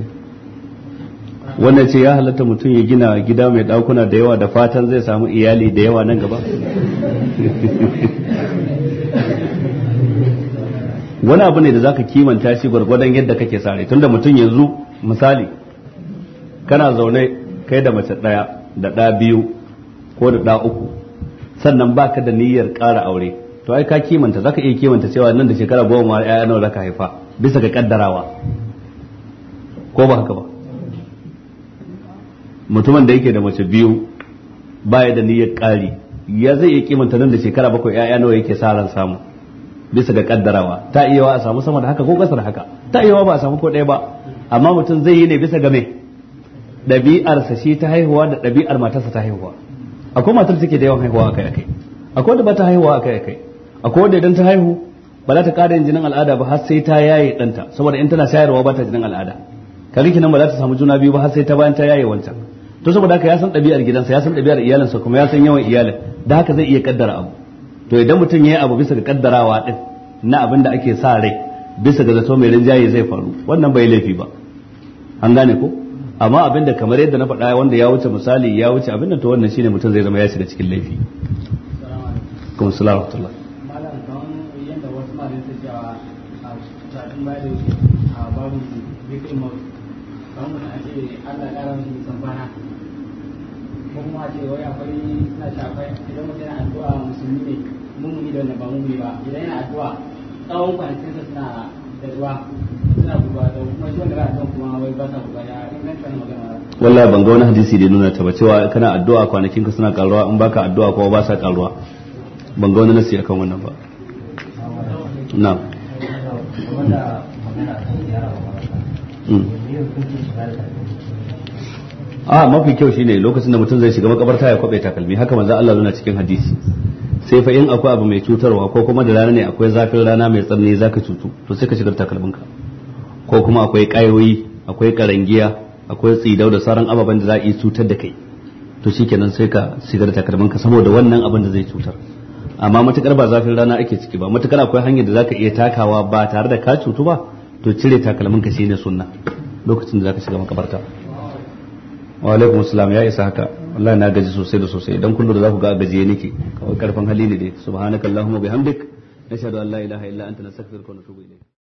wannan ce ya halatta mutum ya gina gida mai ɗakuna da yawa da fatan zai samu iyali da yawa nan gaba wani abu ne da zaka kimanta shi gwargwadon yadda kake sare tunda mutum yanzu misali kana zaune kai da mace ɗaya da ɗa biyu ko da ɗa uku sannan baka da niyyar ƙara aure to ai ka kimanta zaka iya kimanta cewa nan da shekara goma ma ƴaƴa nawa zaka haifa bisa ga kaddarawa ko ba haka ba mutumin da yake da mace biyu baya da niyyar ƙari ya zai iya kimanta nan da shekara bakwai ƴaƴa nawa yake sa ran samu bisa ga kaddarawa ta iya wa a samu sama da haka ko kasar haka ta iya wa ba a samu ko ɗaya ba amma mutum zai yi ne bisa ga me ɗabi'arsa shi ta haihuwa da ɗabi'ar matarsa ta haihuwa akwai matar suke da yawan haihuwa akai akai akwai da ba ta haihuwa akai akai akwai wanda idan ta haihu ba za ta ƙara yin jinin al'ada ba har sai ta yaye ɗanta saboda in tana shayarwa ba ta jinin al'ada kari nan ba za ta samu juna biyu ba har sai ta bayan ta yaye wancan to saboda haka ya san ɗabi'ar gidansa ya san ɗabi'ar iyalinsa kuma ya san yawan iyalin da haka zai iya kaddara abu to idan mutum ya yi abu bisa ga kaddarawa din na abin da ake sa rai bisa ga zato mai rinjaye zai faru wannan bai laifi ba an gane ko amma abin da kamar yadda na faɗa wanda ya wuce misali ya wuce abin da to wannan shine mutum zai zama ya shiga cikin laifi kuma salamu alaikum ko kuma a ce wai akwai shafai idan mutum yana addu'a musulmi ne mumuni da wanda ba mumuni ba idan yana addu'a tsawon kwanakin sa suna da ruwa suna duba da kuma shi wanda ba addu'a kuma wai ba sa duba ya inganta na magana wallahi ban ga wani hadisi da nuna ta ba cewa kana addu'a kwanakin ka suna karuwa in baka addu'a kuma ba sa karuwa ban ga wani nasi akan wannan ba na'am hmm. a ah, mafi kyau shine lokacin da mutum zai shiga makabarta ya kwabe takalmi haka manzo Allah nuna cikin hadisi sai fa in akwai abu mai cutarwa ko kuma da rana ne akwai zafin rana mai tsanani zaka cutu to sai ka shigar takalminka ko kuma akwai kayoyi akwai karangiya akwai tsidau da sauran ababen da za a cutar da kai to shikenan sai ka shigar takalminka saboda wannan abin da zai cutar amma matukar ba zafin rana ake ciki ba matukar akwai hanyar da za ka iya takawa ba tare da ka cutu ba to cire takalminka shine sunna lokacin da zaka shiga makabarta wa alaikum ya isa haka Allah na gaji sosai da sosai idan kullum da za ku ga gajiye nake kawai karfin hali ne dai subhanakallahumma bihamdik nashhadu an la ilaha illa anta nastaghfiruka wa natubu ilayk